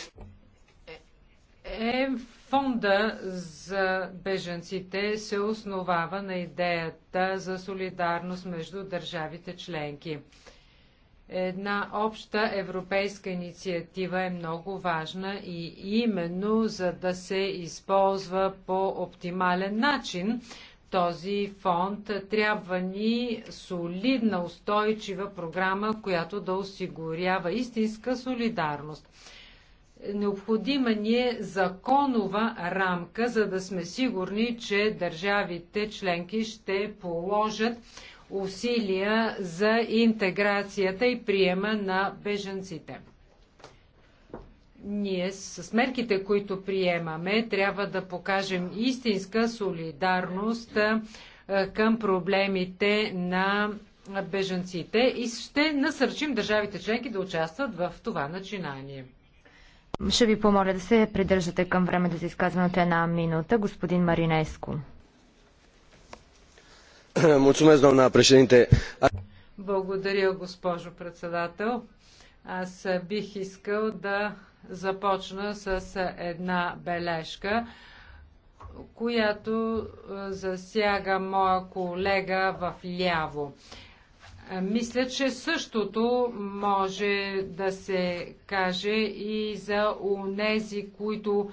е фонда за беженците се основава на идеята за солидарност между държавите членки. Една обща европейска инициатива е много важна и именно за да се използва по оптимален начин този фонд трябва ни солидна, устойчива програма, която да осигурява истинска солидарност. Необходима ни е законова рамка, за да сме сигурни, че държавите членки ще положат усилия за интеграцията и приема на беженците. Ние с мерките, които приемаме, трябва да покажем истинска солидарност към проблемите на беженците и ще насърчим държавите членки да участват в това начинание. Ще ви помоля да се придържате към времето за изказването една минута. Господин Маринеско. Благодаря, госпожо председател. Аз бих искал да започна с една бележка, която засяга моя колега в ляво. Мисля, че същото може да се каже и за унези, които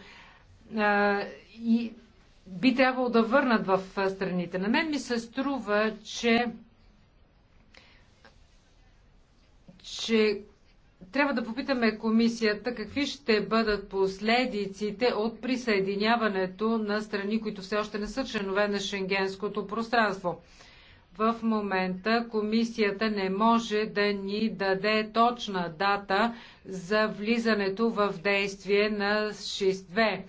а, и би трябвало да върнат в страните. На мен ми се струва, че, че трябва да попитаме комисията какви ще бъдат последиците от присъединяването на страни, които все още не са членове на шенгенското пространство. В момента комисията не може да ни даде точна дата за влизането в действие на 6.2.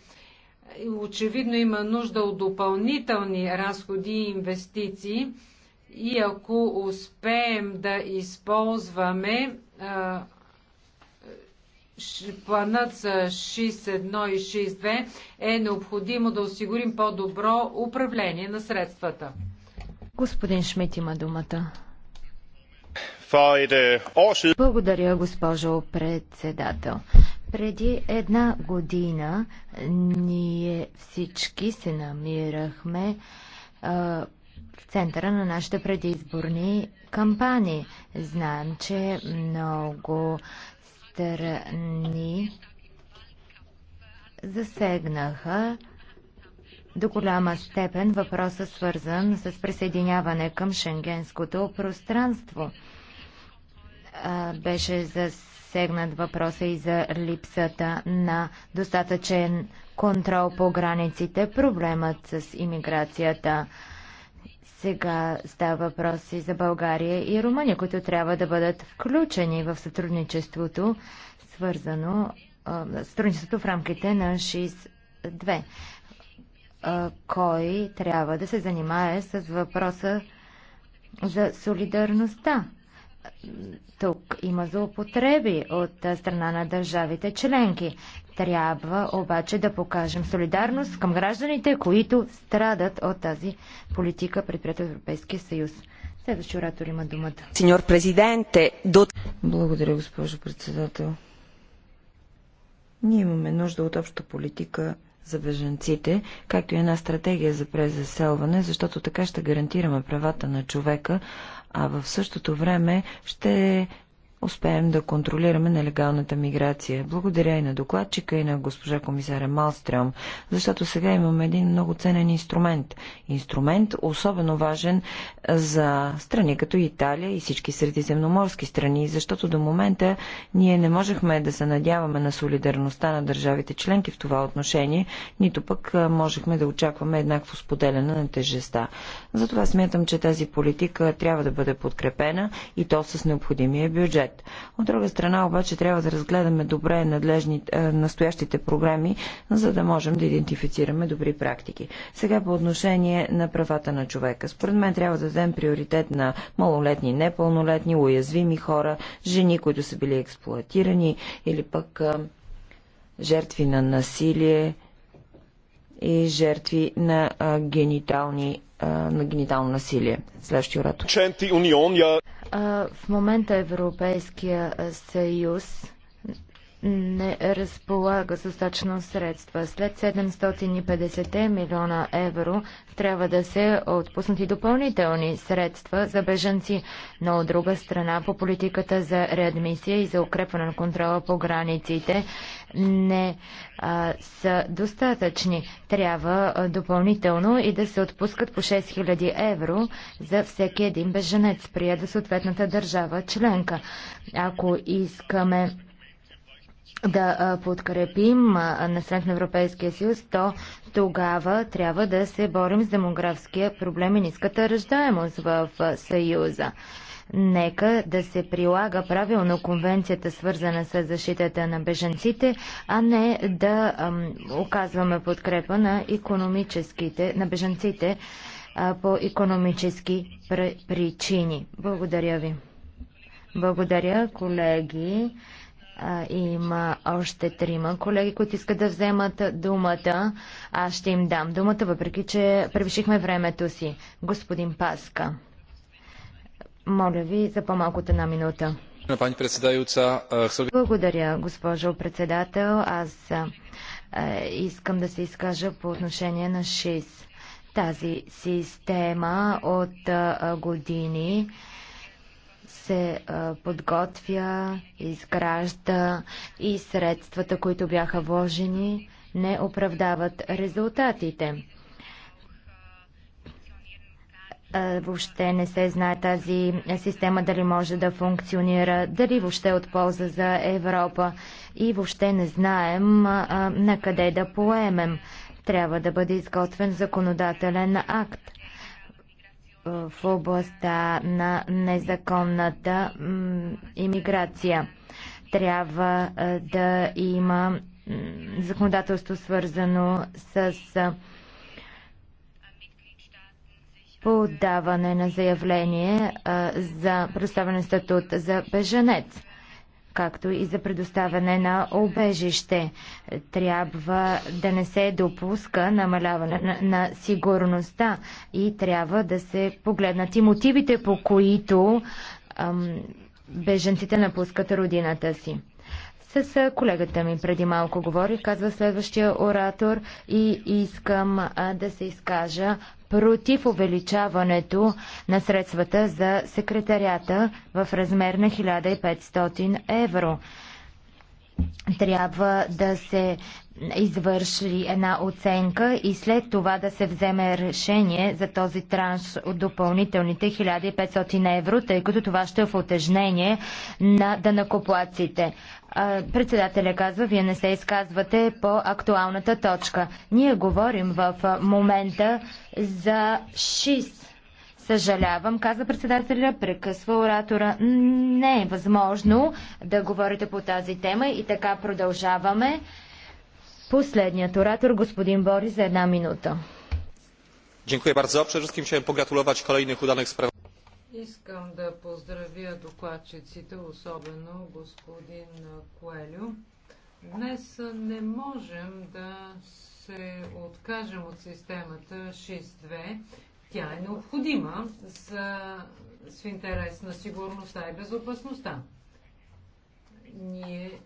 Очевидно има нужда от допълнителни разходи и инвестиции и ако успеем да използваме а, планът за 6.1 и 6.2, е необходимо да осигурим по-добро управление на средствата. Господин Шмидт има думата. Øh, Благодаря, госпожо председател. Преди една година ние всички се намирахме а, в центъра на нашите предизборни кампании. Знаем, че много страни засегнаха до голяма степен въпроса свързан с присъединяване към шенгенското пространство. Беше засегнат въпроса и за липсата на достатъчен контрол по границите, проблемът с иммиграцията. Сега става въпроси за България и Румъния, които трябва да бъдат включени в сътрудничеството, свързано сътрудничеството в рамките на 6 2 кой трябва да се занимае с въпроса за солидарността. Тук има злоупотреби от страна на държавите членки. Трябва обаче да покажем солидарност към гражданите, които страдат от тази политика пред Европейския съюз. Следващия оратор има думата. Сеньор президенте, до... Благодаря, госпожо председател. Ние имаме нужда от обща политика за беженците, както и една стратегия за презаселване, защото така ще гарантираме правата на човека, а в същото време ще успеем да контролираме нелегалната миграция. Благодаря и на докладчика и на госпожа комисаря Малстрем, защото сега имаме един много ценен инструмент. Инструмент особено важен за страни като Италия и всички средиземноморски страни, защото до момента ние не можехме да се надяваме на солидарността на държавите членки в това отношение, нито пък можехме да очакваме еднакво споделяне на тежеста. Затова смятам, че тази политика трябва да бъде подкрепена и то с необходимия бюджет бюджет. От друга страна обаче трябва да разгледаме добре надлежни, е, настоящите програми, за да можем да идентифицираме добри практики. Сега по отношение на правата на човека. Според мен трябва да дадем приоритет на малолетни, непълнолетни, уязвими хора, жени, които са били експлуатирани или пък е, жертви на насилие и жертви на, а, е, генитални, а, е, на генитално насилие. Следващия оратор. В момента Европейския съюз не разполага с достатъчно средства. След 750 милиона евро трябва да се отпуснат и допълнителни средства за бежанци, но от друга страна по политиката за реадмисия и за укрепване на контрола по границите не а, са достатъчни. Трябва а, допълнително и да се отпускат по 6000 евро за всеки един бежанец, прият до съответната държава членка. Ако искаме да подкрепим населението на Европейския съюз, то тогава трябва да се борим с демографския проблем и ниската ръждаемост в Съюза. Нека да се прилага правилно конвенцията, свързана с защитата на беженците, а не да ам, оказваме подкрепа на економическите, на беженците а, по економически причини. Благодаря ви. Благодаря, колеги. А, има още трима колеги, които искат да вземат думата. Аз ще им дам думата, въпреки че превишихме времето си. Господин Паска, моля ви за по-малко от една минута. Благодаря, госпожо председател. Аз искам да се изкажа по отношение на ШИС. Тази система от години се подготвя, изгражда и средствата, които бяха вложени, не оправдават резултатите. Въобще не се знае тази система дали може да функционира, дали въобще е от полза за Европа и въобще не знаем на къде да поемем. Трябва да бъде изготвен законодателен акт в областта на незаконната иммиграция. Трябва да има законодателство свързано с подаване на заявление за представен статут за беженец както и за предоставяне на обежище. Трябва да не се допуска намаляване на, на сигурността и трябва да се погледнат и мотивите, по които ам, беженците напускат родината си. С колегата ми преди малко говорих, казва следващия оратор и искам а, да се изкажа против увеличаването на средствата за секретарята в размер на 1500 евро. Трябва да се извърши една оценка и след това да се вземе решение за този транш от допълнителните 1500 евро, тъй като това ще е в отежнение на данакоплаците. Председателя казва, вие не се изказвате по актуалната точка. Ние говорим в момента за 6. Съжалявам, каза председателя, прекъсва оратора. Не е възможно да говорите по тази тема и така продължаваме. Последният оратор, господин Бори, за една минута. Dziękuję bardzo. Przede wszystkim chciałem pogratulować kolejnych udanych spraw. Искам да поздравя докладчиците, особено господин Коелю. Днес не можем да се откажем от системата 6.2. Тя е необходима за, с интерес на сигурността и безопасността. Ние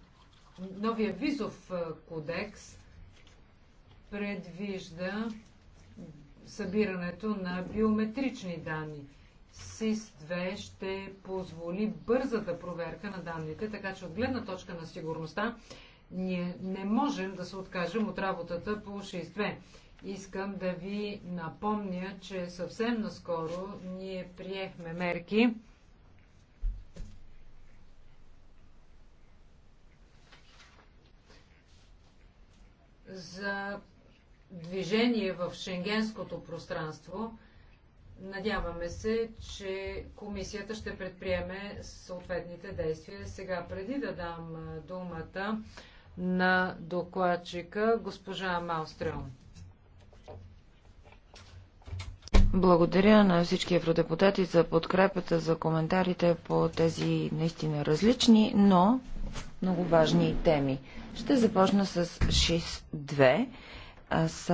новия визов кодекс предвижда събирането на биометрични данни. СИС-2 ще позволи бързата проверка на данните, така че от гледна точка на сигурността ние не можем да се откажем от работата по 6.2. Искам да ви напомня, че съвсем наскоро ние приехме мерки, за движение в шенгенското пространство. Надяваме се, че комисията ще предприеме съответните действия. Сега, преди да дам думата на докладчика, госпожа Малстрел. Благодаря на всички евродепутати за подкрепата, за коментарите по тези наистина различни, но много важни теми. Ще започна с 6.2. Аз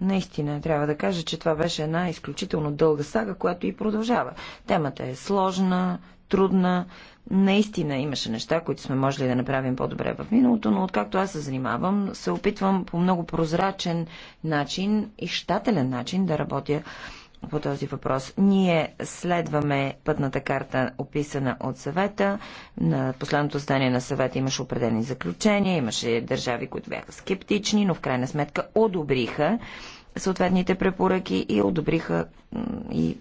наистина трябва да кажа, че това беше една изключително дълга сага, която и продължава. Темата е сложна, трудна. Наистина имаше неща, които сме можели да направим по-добре в миналото, но откакто аз се занимавам, се опитвам по много прозрачен начин и щателен начин да работя по този въпрос. Ние следваме пътната карта, описана от съвета. На последното здание на съвета имаше определени заключения, имаше държави, които бяха скептични, но в крайна сметка одобриха съответните препоръки и одобриха и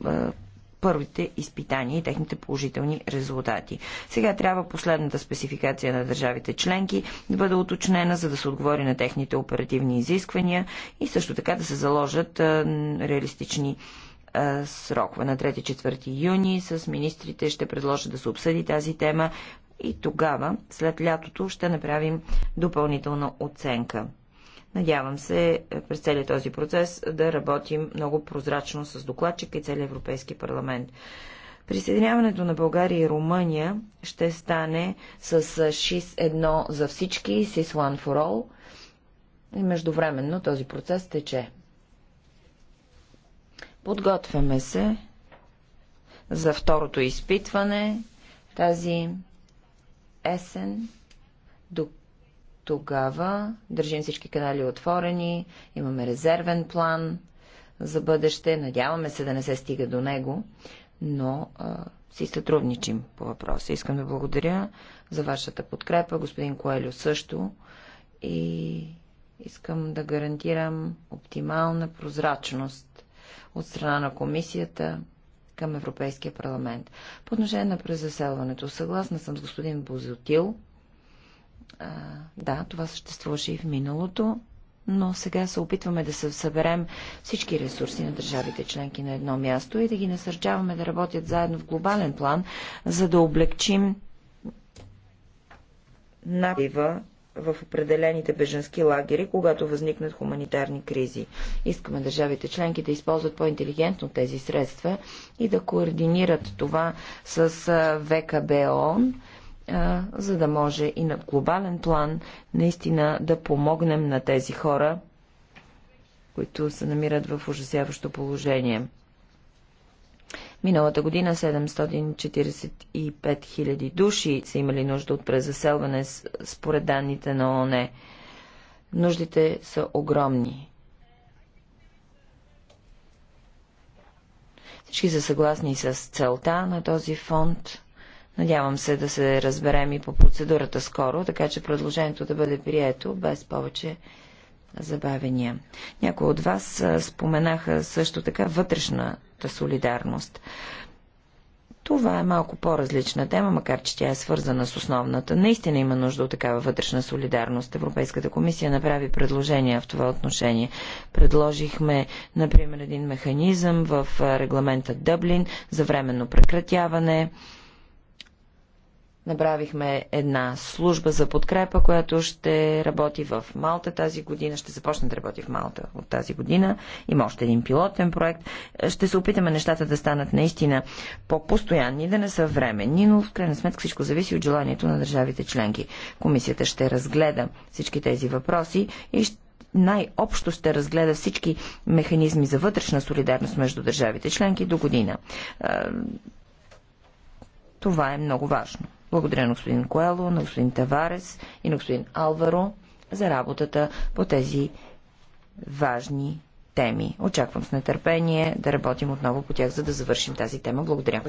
първите изпитания и техните положителни резултати. Сега трябва последната спецификация на държавите членки да бъде уточнена, за да се отговори на техните оперативни изисквания и също така да се заложат реалистични срокове. На 3-4 юни с министрите ще предложа да се обсъди тази тема и тогава, след лятото, ще направим допълнителна оценка. Надявам се е, през целият този процес да работим много прозрачно с докладчика и целият Европейски парламент. Присъединяването на България и Румъния ще стане с 6-1 за всички, с One for All. И междувременно този процес тече. Подготвяме се за второто изпитване тази есен. До тогава държим всички канали отворени, имаме резервен план за бъдеще, надяваме се да не се стига до него, но а, си сътрудничим по въпроса. Искам да благодаря за вашата подкрепа, господин Коелю също и искам да гарантирам оптимална прозрачност от страна на комисията към Европейския парламент. По отношение на презаселването, съгласна съм с господин Бозотил. А, да, това съществуваше и в миналото, но сега се опитваме да съберем всички ресурси на държавите членки на едно място и да ги насърчаваме да работят заедно в глобален план, за да облегчим напива в определените беженски лагери, когато възникнат хуманитарни кризи. Искаме държавите членки да използват по-интелигентно тези средства и да координират това с ВКБОН, за да може и на глобален план наистина да помогнем на тези хора, които се намират в ужасяващо положение. Миналата година 745 000 души са имали нужда от презаселване според данните на ООН. Нуждите са огромни. Всички са съгласни с целта на този фонд. Надявам се да се разберем и по процедурата скоро, така че предложението да бъде прието без повече забавения. Някои от вас споменаха също така вътрешната солидарност. Това е малко по-различна тема, макар че тя е свързана с основната. Наистина има нужда от такава вътрешна солидарност. Европейската комисия направи предложения в това отношение. Предложихме, например, един механизъм в регламента Дъблин за временно прекратяване Направихме една служба за подкрепа, която ще работи в Малта тази година, ще започне да работи в Малта от тази година. Има още един пилотен проект. Ще се опитаме нещата да станат наистина по-постоянни, да не са временни, но в крайна сметка всичко зависи от желанието на държавите членки. Комисията ще разгледа всички тези въпроси и ще най-общо ще разгледа всички механизми за вътрешна солидарност между държавите членки до година. Това е много важно. Благодаря на господин Коело, на господин Таварес и на господин Алваро за работата по тези важни теми. Очаквам с нетърпение да работим отново по тях, за да завършим тази тема. Благодаря.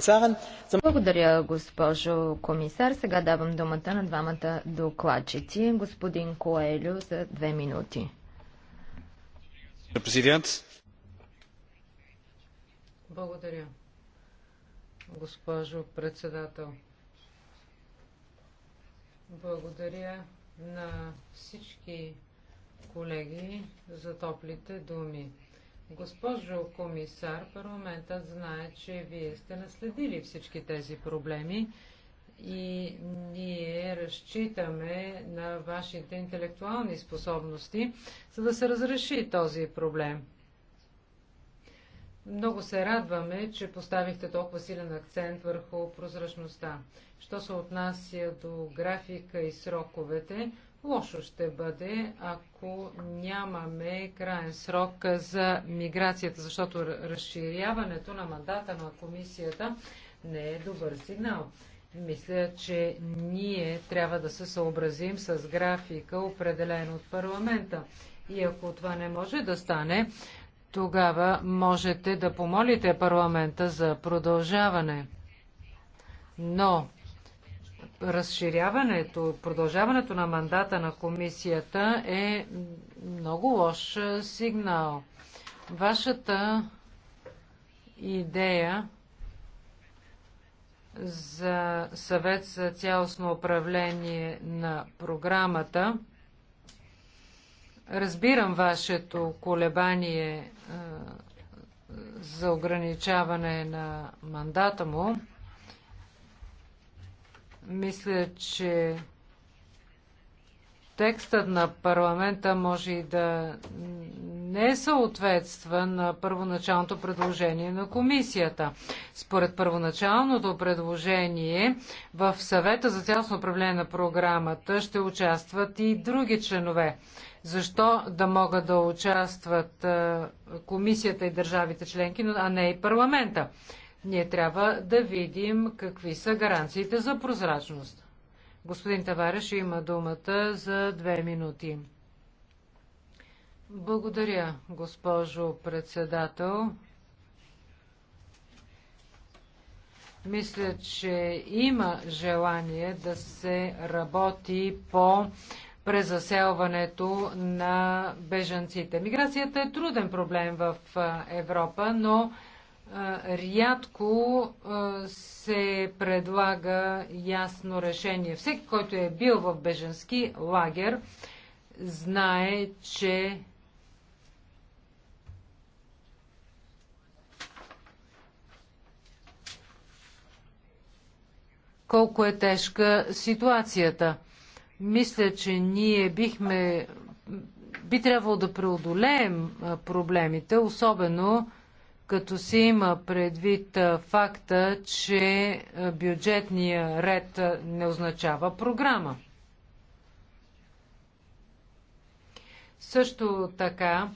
Благодаря, госпожо комисар. Сега давам думата на двамата докладчици. Господин Коелю за две минути. Президент. Благодаря, госпожо председател. Благодаря на всички колеги за топлите думи. Госпожо комисар, парламентът знае, че вие сте наследили всички тези проблеми и ние разчитаме на вашите интелектуални способности, за да се разреши този проблем. Много се радваме, че поставихте толкова силен акцент върху прозрачността. Що се отнася до графика и сроковете, лошо ще бъде, ако нямаме крайен срок за миграцията, защото разширяването на мандата на комисията не е добър сигнал. Мисля, че ние трябва да се съобразим с графика, определен от парламента. И ако това не може да стане, тогава можете да помолите парламента за продължаване. Но разширяването, продължаването на мандата на комисията е много лош сигнал. Вашата идея за съвет за цялостно управление на програмата – Разбирам вашето колебание е, за ограничаване на мандата му. Мисля, че текстът на парламента може и да не съответства на първоначалното предложение на комисията. Според първоначалното предложение в съвета за цялостно управление на програмата ще участват и други членове. Защо да могат да участват е, комисията и държавите членки, а не и парламента? Ние трябва да видим какви са гаранциите за прозрачност. Господин Тавареш има думата за две минути. Благодаря, госпожо председател. Мисля, че има желание да се работи по Презаселването на бежанците. Миграцията е труден проблем в Европа, но рядко се предлага ясно решение. Всеки, който е бил в беженски лагер, знае, че колко е тежка ситуацията – мисля, че ние бихме, би трябвало да преодолеем проблемите, особено като се има предвид факта, че бюджетния ред не означава програма. Също така,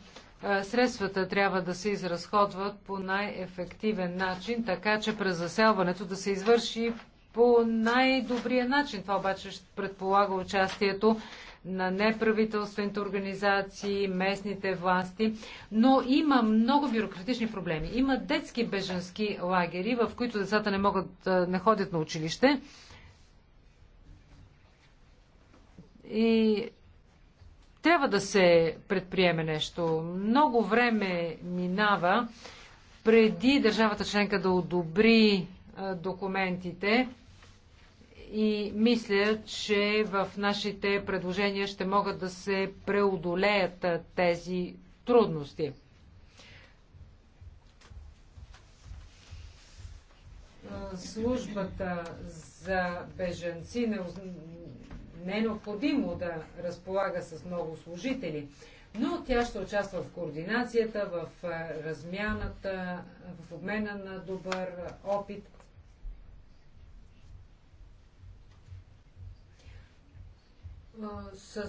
средствата трябва да се изразходват по най-ефективен начин, така че през заселването да се извърши по най-добрия начин. Това обаче ще предполага участието на неправителствените организации, местните власти, но има много бюрократични проблеми. Има детски беженски лагери, в които децата не могат да не ходят на училище. И трябва да се предприеме нещо. Много време минава преди държавата членка да одобри документите и мисля, че в нашите предложения ще могат да се преодолеят тези трудности. Службата за бежанци не, не е необходимо да разполага с много служители, но тя ще участва в координацията, в размяната, в обмена на добър опит – с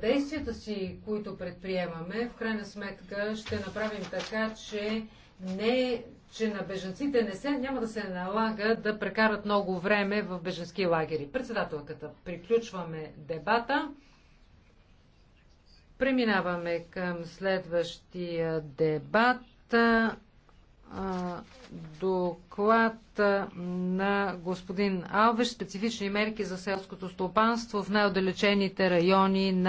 действията си, които предприемаме, в крайна сметка ще направим така, че, не, че на беженците не се, няма да се налага да прекарат много време в беженски лагери. Председателката, приключваме дебата. Преминаваме към следващия дебат доклад на господин Алвеш специфични мерки за селското стопанство в най-отдалечените райони на